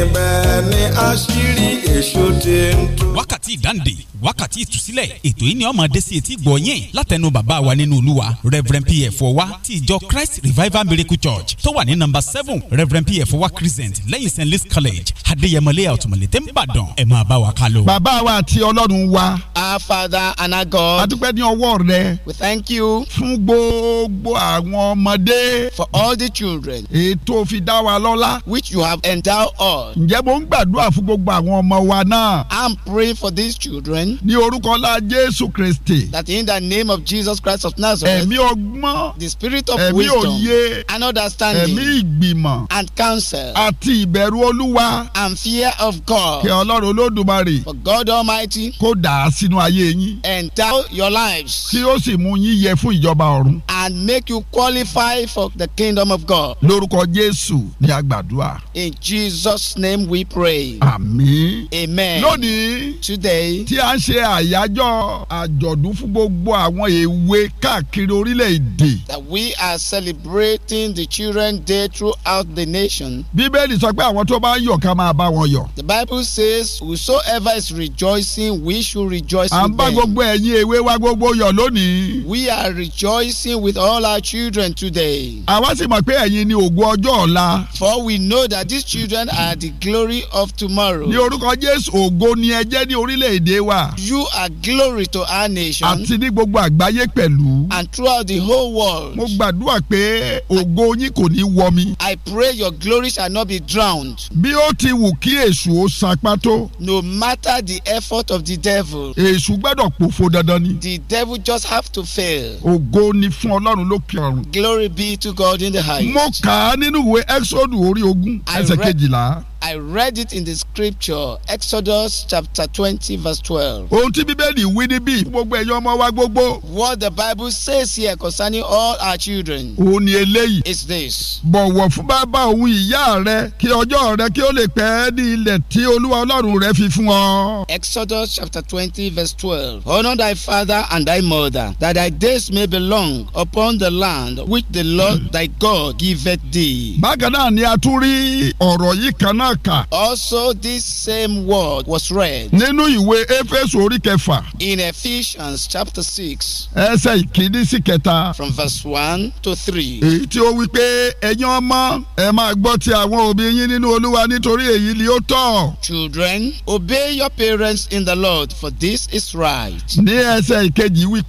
ibẹ̀ ni àṣírí èso ti ń tú. wákàtí ìdáǹdè wákàtí ìtúsílẹ̀ ètò yìí ni ọmọ adé etí gbọ̀nyìn látẹnu bàbá wa nínú olúwa reverend pf ọwa ti ìjọ christ revival miracle church tó wà ní nọ́mbà seven reverend pf ọwa crescent lẹ́yìn st louis college adéyẹmọlẹ́ àtùmọ̀lẹ́ tẹ́ ń bàdàn ẹ̀ máa bá wa ká lọ. bàbá wa àti ọlọ́run wa. our father and our god. a ní ọwọ́ rẹ. we thank you. fún gbogbo àwọn ọmọdé. for all the children. ètò fi dá wa lọ́lá. which you have endowed us. Ǹjẹ́ mo ń gbàdúrà fún gbogbo àwọn ọmọ wa náà? I'm praying for these children. Ní orúkọ ńlá Jésù Kristì. That in the name of Jesus Christ of Nazareth. Ẹ̀mí ọgbọ́n. The spirit of wisdom. Ẹ̀mí òye. And understanding. Ẹ̀mí ìgbìmọ̀. And counsel. Àti ìbẹ̀rù Olúwa. And fear of God. Kí Ọlọ́run Olódùmarè. For God Almighty. Kó dà á sínú ayé yín. Endow your lives. Kí ó sì mú yín yẹ fún ìjọba ọ̀run. And make you qualify for the kingdom of God. Lórúkọ Jésù ni a gbàdúrà. In Jesus' name name we pray. àmín. amen. lónìí. today. tí a ṣe àyájọ́ àjọ̀dún fún gbogbo àwọn èwe káàkiri orílẹ̀-èdè. that we are celebrating the children day throughout the nation. bíbélì sọ pé àwọn tó bá yọ̀ ká máa bá wọn yọ̀. the bible says whosoever is rejoicing we should rejoice with them. à ń bá gbogbo ẹ̀yin èwe wa gbogbo yọ̀ lónìí. we are rejoicing with all our children today. àwa sì mọ̀ pé ẹ̀yin ni ògo ọjọ́ ọ̀la. for we know that these children are the glory of tomorrow. ní orúkọ Jésù ògo ni ẹ jẹ́ ní orílẹ̀-èdè wa. you are glory to our nation. àti ní gbogbo àgbáyé pẹ̀lú. and throughout the whole world. mo gbàdúrà pé ògo yín kò ní wọ mi. I pray your glory shall not be drowned. bí ó ti wù kí èṣù ó sapá tó. no matter the effort of the devil. èṣù gbọ́dọ̀ pòfo dandan ni. the devil just have to fail. ògo ni fún Ọlọ́run lókè ọ̀run. glory be to God in the highest. mo kà á nínú ìwé Exodus orí ogún ẹsẹ̀ kejìlá. I read it in the scripture Exodus chapter twenty verse twelve. Ohun tí Bíbélì wí níbí gbogbo ẹ̀yọ́ ọmọ wa gbogbo. What the Bible says here concerning all our children. Òun ni eléyìí. It's this. Bọ̀wọ̀ fún bàbá òun ìyá rẹ kí ọjọ́ rẹ kí ó lè pẹ́ ní ilẹ̀ tí Olúwa Ọlọ́run rẹ fi fún ọ. Exodus chapter twenty verse twelve. Honour thy father and thy mother that thy days may be long upon the land which the Lord thy God giveth thee. Bákan náà ni a tún rí ọ̀rọ̀ yìí kan náà àkà. also this same word was read. nínú ìwé éfésù orí kẹfà. in ephesians chapter six. ẹsẹ̀ ìkíní sí kẹta. from verse one to three. èyí tí ó wí pé ẹ̀yin ọmọ ẹ máa gbọ́ ti àwọn òbí yín nínú olúwa nítorí èyí ni ó tọ́. children obey your parents in the lord for this is right. ní ẹsẹ̀ ìkejì wí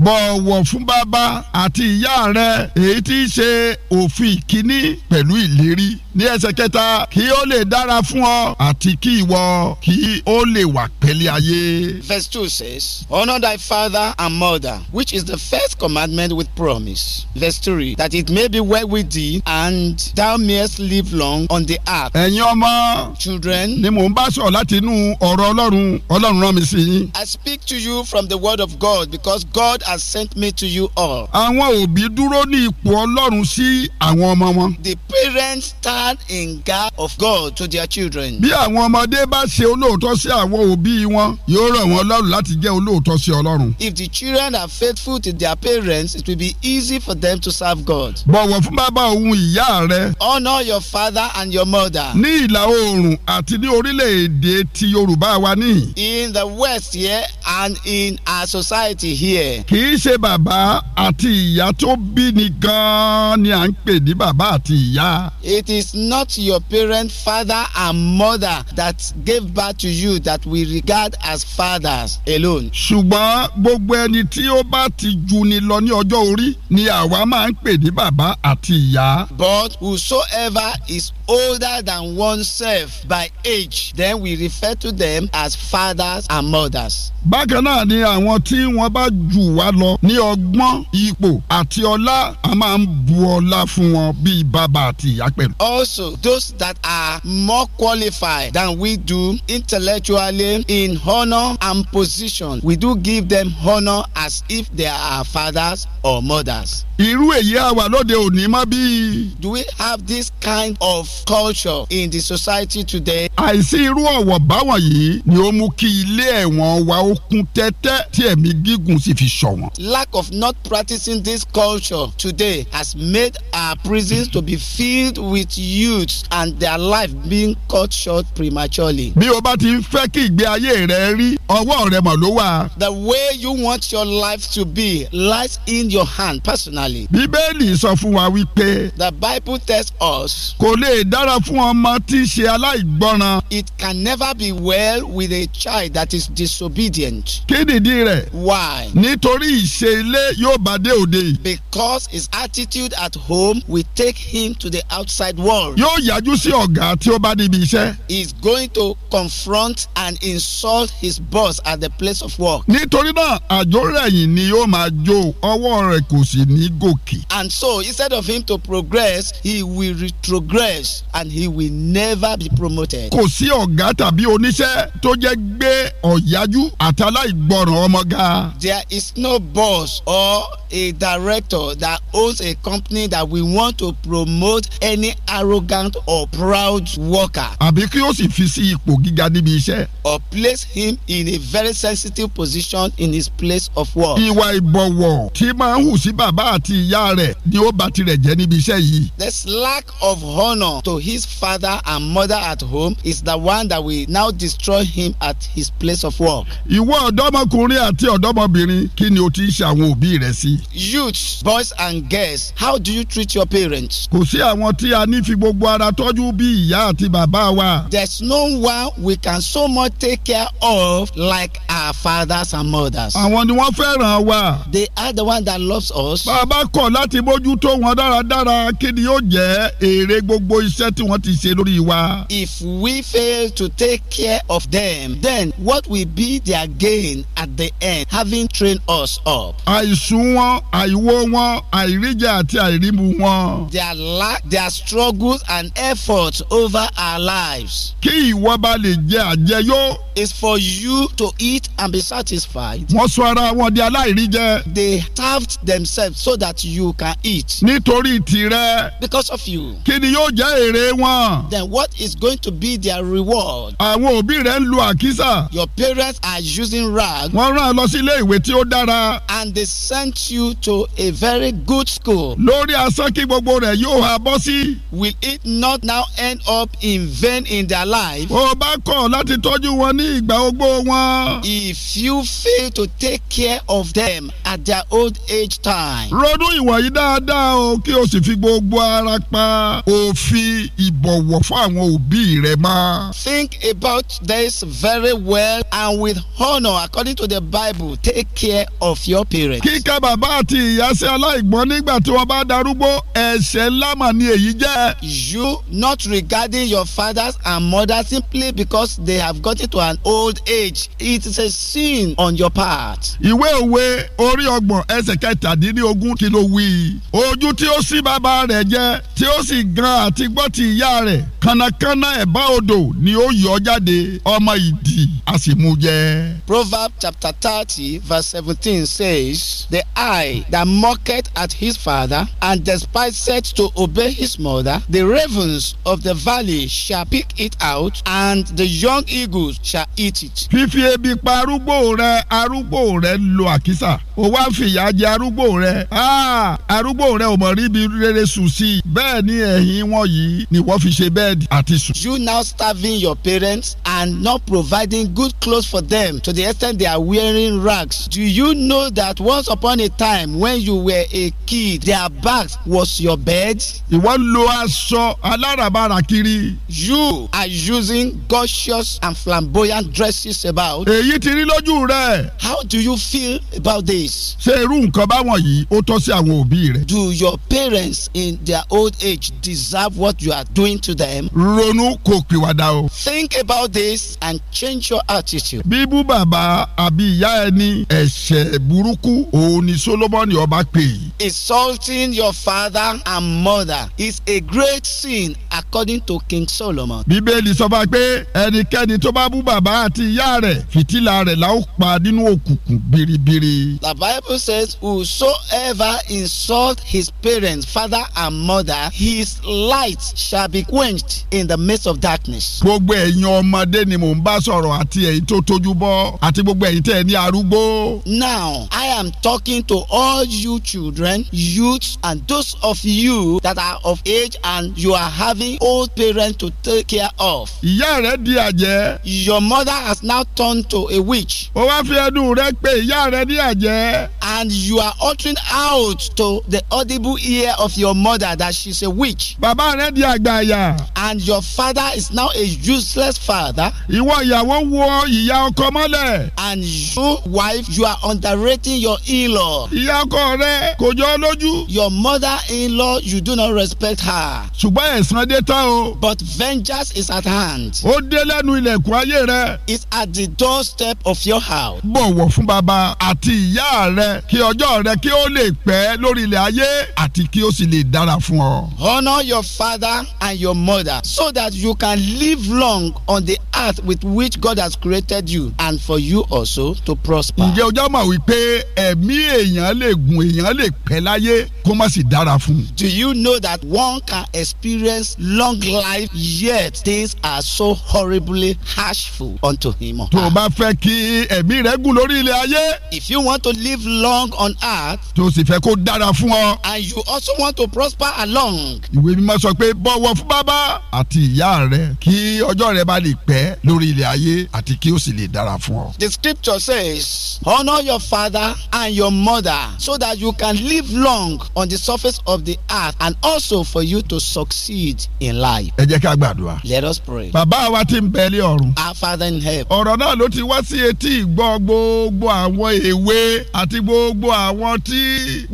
bọ̀wọ̀ fún bàbá àti ìyá rẹ èyí tí ṣe òfin ìkíní pẹ̀lú ìlérí ní ẹsẹ̀ kẹta kí ó lè dára fún ọ àti kí ìwọ kí ó lè wà pẹ̀lẹ́ ayé. Verse two says, Honour thy father and mother, which is the first commandment with promise. Verse three, that it may be well with thee and thou mayest live long on the earth. Ẹ̀yin ọmọ. Children. Ni mò ń bá sọ̀rọ̀ láti inú ọ̀rọ̀ Ọlọ́run, Ọlọ́run rán mi sí yín. I speak to you from the word of God because God has sent me to you all. Àwọn òbí dúró ní ipò Ọlọ́run sí àwọn ọmọ wọn. The parents stand in guard of God. God to their children. Bí àwọn ọmọdé bá ṣe olóòótọ́ sí àwọn òbí wọn, yóò rọ̀ wọ́n lọ́rùn láti jẹ́ olóòótọ́ sí Ọlọ́run. If the children are faithful to their parents, it will be easy for them to serve God. Bọ̀wọ̀ fún bàbá òun ìyá rẹ. Honour your father and your mother. Ní ìlà oòrùn àti ní orílẹ̀-èdè ti Yorùbá wa ní. In the west here and in our society here. Kì í ṣe bàbá àti ìyá tó bí ni gan-an ni à ń pè ní bàbá àti ìyá. It is not your parents father and mother that gave birth to you that we regard as fathers alone. ṣùgbọ́n gbogbo ẹni tí ó bá ti jù ni lọ ní ọjọ́ orí ni àwa máa ń pè ní bàbá àti ìyá. but whosoever is older than oneself by age then we refer to them as fathers and mothers. bákan náà ni àwọn tí wọ́n bá jù wá lọ ní ọgbọ́n ipò àti ọlá a máa ń bu ọlá fún wọn bíi bàbá àti ìyá pẹ̀lú. also those that are more qualified than we do intellectually in honor and position. We do give them honor as if they are fathers or mothers. Irú èyí àwa lóde òní má bí. Do we have this kind of culture in the society today? Àìsí irú ọ̀wọ̀ báwọ̀ yìí ni ó mú kí ilé ẹ̀wọ̀n wa ó kún tẹ́tẹ́ tí ẹ̀mí gígùn sì fi ṣọ̀wọ́n. Lack of not practicing this culture today has made our prisons to be filled with youths and their lives life being cut short prematurely. bí o bá ti fẹ́ kí ìgbé ayé rẹ rí ọwọ́ rẹ mọ̀ ló wà. the way you want your life to be lies in your hand personally. bíbélì sọ fún wa wípé. the bible tells us. kò lè dára fún ọmọ tí í ṣe aláìgbọràn. it can never be well with a child that is disobedient. kí nìdí rẹ̀. why. nítorí ìṣe ilé yóò bá dé òde. because his attitude at home will take him to the outside world. yóò yájú sí ọ̀gá tí ó bá níbi iṣẹ́. is going to confront and insult his boss at the place of work. nítorí náà àjò rẹ̀yìn ni yóò máa jó ọwọ́ rẹ̀ kò sì ní gòkè. and so instead of him to progress he will retrogress and he will never be promoted. kò sí ọ̀gá tàbí oníṣẹ́ tó jẹ́ gbé ọ̀yájú àtàláìgbọràn ọmọ ga. there is no boss or a director that owns a company that we want to promote any arrogant or proud without worker. àbí kí ó sì fi sí ipò gíga níbi iṣẹ́. or place him in a very sensitive position in his place of work. ìwà ìbọ̀wọ̀ tí máa ń hù sí bàbá àti ìyá rẹ̀ ni ó bà tirẹ̀ jẹ́ níbi iṣẹ́ yìí. this lack of honour to his father and mother at home is the one that will now destroy him at his place of work. ìwọ ọ̀dọ́mọkùnrin àti ọ̀dọ́mọbìnrin kí ni o ti ń ṣe àwọn òbí rẹ sí. youths boys and girls how do you treat your parents. kò sí àwọn tí a ní fi gbogbo ara tọ́jú bíi ìyá àti bàbá wa. there no one we can so much take care of like our fathers and mothers. àwọn ni wọ́n fẹ́ràn wa. they are the one that loves us. bàbá kọ̀ láti mójútó wọn dáradára kí ni yóò jẹ́ èrè gbogbo iṣẹ́ tí wọ́n ti ṣe lórí wa. if we fail to take care of them then what will be their gain at the end having trained us up. àìsùn wọn àìwo wọn àìríjẹ àti àìrímu wọn. their lack their struggles and efforts over our lives. kí ìwọ bá lè jẹ àjẹyó. is for you to eat and be satisfied. wọ́n sọ ara wọn di aláìríjẹ. they starved themselves so that you can eat. nítorí tìrẹ. because of you. kí ni yóò jẹ́ èrè wọn. then what is going to be their reward. àwọn òbí rẹ ń lu àkísà. your parents are using rag. wọ́n rán ọ lọ sí ilé ìwé tí ó dára. and they sent you to a very good school. lórí asán kí gbogbo rẹ̀ yóò ha bọ́ sí. will it not now end up in vain in their life. ó bá kọ̀ láti tọ́jú wọn ní ìgbà ogbó wọn. if you fail to take care of them at their old age time. ronú ìwà yìí dáadáa o kí o sì fi gbogbo ara pa òfin ìbọ̀wọ̀ fún àwọn òbí rẹ mọ́. think about this very well and with honour according to the bible take care of your parents. kíkẹ́ bàbá àti ìyá sí aláìgbọ́n nígbà tí wọ́n bá darúgbó ẹ̀ṣẹ̀ ńlá mà ni èyí jẹ́. you not regret regarding your fathers and mothers simply because they have gotten to an old age. It is a sin on your part. Ìwé òwe orí ọgbọ̀n ẹsẹ̀ kẹtàdínlógún kí wí. Ojú tí ó ṣí bàbá rẹ̀ jẹ́ tí ó sì gan àti gbọ́ ti ìyá rẹ̀ kànnàkànnà ẹ̀bá odò ni ó yọ jáde ọmọ ìdì a sì mú jẹ. Proverbs chapter thirty verse seventeen says the eye that mocketh at his father and despiseth to obey his mother the ravens of the valley shall pick it out and the young eagles shall eat it. fífi ebi pa arúgbó rẹ arúgbó rẹ lo àkísà ó wá fìyà jẹ arúgbó rẹ ah, arúgbó rẹ ò mọ̀ ríbi rere sùn sí i bẹ́ẹ̀ ni ẹ̀yìn wọn yìí ni wọ́n fi ṣe bẹ́ẹ̀dì àti sùn. you now starving your parents and not providing good clothes for them to the extent they are wearing rags. do you know that once upon a time when you were a kid their bags was your bed. ìwọ lo aṣọ aláràbarà kí kiri. you are using gorgeous and flamboyant dresses about. èyí ti rí lójú rẹ. how do you feel about this. ṣé irú nǹkan báwọn yìí ó tọ́ sí àwọn òbí rẹ. do your parents in their old age deserve what you are doing to them. ronú kò pìwàdà o. think about this and change your attitude. bíbú bàbá àbí ìyá ẹni ẹ̀ṣẹ̀ burúkú òun ni solomoni ọba pè é. insulting your father and mother is a great sin according to King Solomon. Bíbélì sọ fún wa pé ẹnikẹ́ni tó bá bú bàbá àti ìyá rẹ̀ fìtílà rẹ̀ la ó pa nínú òkùnkùn biribiri. The Bible says whosoever insults his parents father and mother his light shall be quenched in the midst of darkness. Gbogbo ẹ̀yin ọmọdé ni mò ń bá sọ̀rọ̀ àti ẹ̀yin tó tójú bọ́ àti gbogbo ẹ̀yin tẹ̀ ní arúgbó. Now I am talking to all you children youths and those of you that are of age and you are having old parents to take care of. ìyá rẹ di àjẹ́. your mother has now turned to a witch. ó wá fi ẹnu rẹ pé ìyá rẹ di àjẹ́. and you are uttering out to the audible ear of your mother that she is a witch. bàbá rẹ di àgbàyà. and your father is now a useless father. ìwọ ìyàwó wo ìyá ọkọ mọ́lẹ̀. and you wife you are underrating your in-law. ìyá ọkọ rẹ kò jọ lójú. your mother-in-law you do not respect her. ṣùgbọ́n ẹ̀sán dé tán o but vengeance is at hand. ó dé lẹ́nu ilẹ̀kùn ayé rẹ. it's at the doorstep of your house. bọ̀wọ̀ fún bàbá àti ìyá rẹ kí ọjọ́ rẹ kí ó lè pẹ́ lórí ilẹ̀ ayé àti kí ó sì lè dára fún ọ. honour your father and your mother so that you can live long on the earth with which God has created you and for you also to prosper. ǹjẹ́ ọjọ́ mọ̀ wípé ẹ̀mí èèyàn lè gùn èèyàn lè pẹ́ láyé kó má sì dára fún. do you know that one can experience long life yet things are so horribly harshful unto him. tó o bá fẹ́ kí ẹ̀mí rẹ gùn lórí ilẹ̀ ayé. if you want to live long on earth. tó o sì fẹ́ kó dára fún ọ. and you also want to prosper along. ìwé mímọ́ sọ pé bọ̀wọ̀ fún bàbá àti ìyá rẹ kí ọjọ́ rẹ bá lè pẹ́ lórí ilẹ̀ ayé àti kí ó sì lè dára fún ọ. the scripture says honour your father and your mother so that you can live long on the surface of the earth and also for you to succeed in life life. ẹ jẹ́ ká gbàdúrà. let us pray. bàbá wa ti ń bẹ ọ̀run. our father in heaven. ọ̀rọ̀ náà ló ti wá sí etí ìgbọ́ gbogbo àwọn èwe àti gbogbo àwọn tí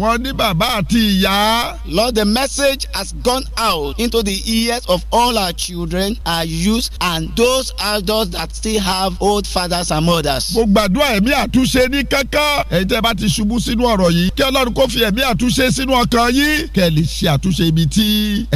wọ́n ní bàbá àti ìyá. Lord, the message has gone out into the ears of all our children, our youth, and those adults that still have old fathers and mothers. mo gbàdúrà ẹ̀mí àtúnṣe ní kankan ẹ̀yin bá ti ṣubú sínú ọ̀rọ̀ yìí kí Ọlọ́run kó fi ẹ̀mí àtúnṣe sínú ọkàn yín kẹ́ lè ṣe àtúnṣe ibi tí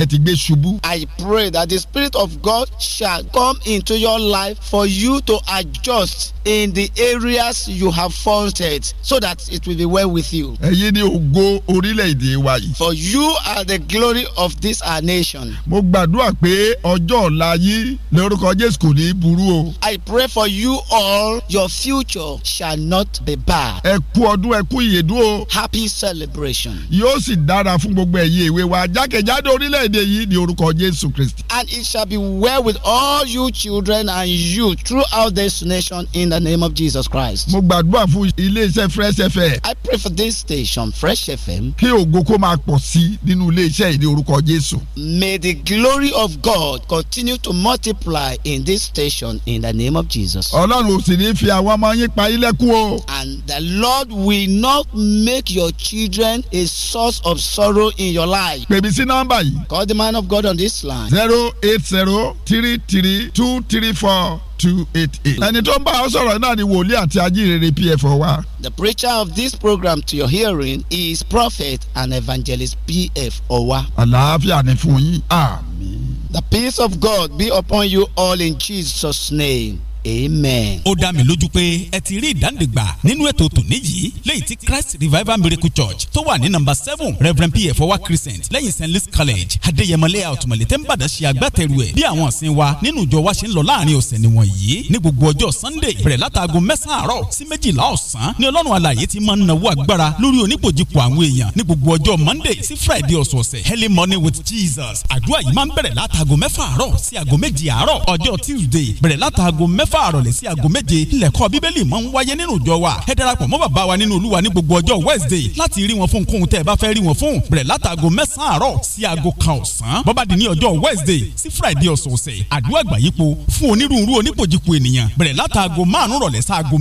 ẹ ti gbé ṣubú. I pray pray that the Spirit of God shall come into your life for you to adjust in the areas you have faulted so that it will be well with you. Ẹ̀yin ni ògo orílẹ̀-èdè wa yìí. For you are the glory of this our nation. Mo gbàdúrà pé ọjọ́ ọ̀la yín lórúkọ Jésù kò ní burú o. I pray for you all your future shall not be bad. Ẹ kú ọdún ẹ kú ìyèdún o. Happy celebration. Yóò sì dára fún gbogbo ẹ̀yin ìwé wa jákèjádò orílẹ̀-èdè yìí ní orúkọ Jésù Kristi. Christ. And it shall be well with all you children and you throughout this nation in the name of Jesus Christ. Mo gbàdúrà fún ilé-iṣẹ́ Fresh FM. I pray for this station Fresh FM. Kí ògo kó máa pọ̀ sí nínú ilé-iṣẹ́ ìdí orúkọ Jésù. May the glory of God continue to multiply in this station in the name of Jesus. Ọlọ́run ò sì ní fi àwọn ọmọ yín pa ilé o. And the Lord will not make your children a source of sorrow in your life. Pèmí sí nọ́mbà yìí. Call the man of God on this line zero eight zero three three two three four two eight eight. ẹni tó ń bá ọ sọ̀rọ̀ náà ni wòlíì àti ajínrere pfo wa. The preacher of this program to your hearing is prophet and evangelist P.F. Owa. Àlàáfíà ni fún yín. Àmín. The peace of God be upon you all in Jesus' name amen. ó dá mi lójú pé ẹ ti rí ìdánidìgbà nínú ètò tòní yìí lẹ́yìn tí christ revival miracle church tó wà ní nàmbà seven reverend pf ọwá crescent lẹ́yìn st louis college adéyẹmọlẹ́ àtùmọ̀lẹ́ tẹ́ ń bàdá ṣe agbátẹrù ẹ̀ bí àwọn ọ̀sìn wa nínú ìjọ wa ṣe ń lọ láàrin ọ̀sẹ̀ nìwọ̀n yìí ní gbogbo ọjọ́ sunday bẹ̀rẹ̀ látàgò mẹ́sàn-án àárọ̀ sí méjìlá ọ̀sán ni ọlọ́run alààyè ti máa ń nawó agbára lórí onípòjìpò àwọn monday sí friday ọ̀sọ̀ọ̀sẹ̀ early morning with jesus àdúrà yìí máa ń bẹ̀rẹ̀ látàgò mẹ́fà àárọ̀ sí àgò méjì àárọ̀ ọjọ́ tuesday bẹ̀rẹ̀ látàgò mẹ́fà mẹ́fà àrọ̀lẹ́ sí aago méje lẹ́kọ̀ọ́ bíbélì máa ń wáyé nínú ìjọ wa ẹ darapọ̀ mọ́ bàbá wa nínú olúwa ní gbogbo ọjọ́ wednesday láti rí wọn fún kóhun tẹ́ ẹ bá fẹ́ rí wọn fún bẹ̀rẹ̀ látàgò mẹ́sàn-án àárọ̀ sí aago kan ọ̀sán bọ́bá ní ọjọ́ wednesday sí friday ọ̀sọ̀ọ̀sẹ̀ àdúrà àgbáyípo fún onírúurú onípojìpo ènìyàn bẹ̀rẹ̀ látàgò márùn rọ̀lẹ́ sáago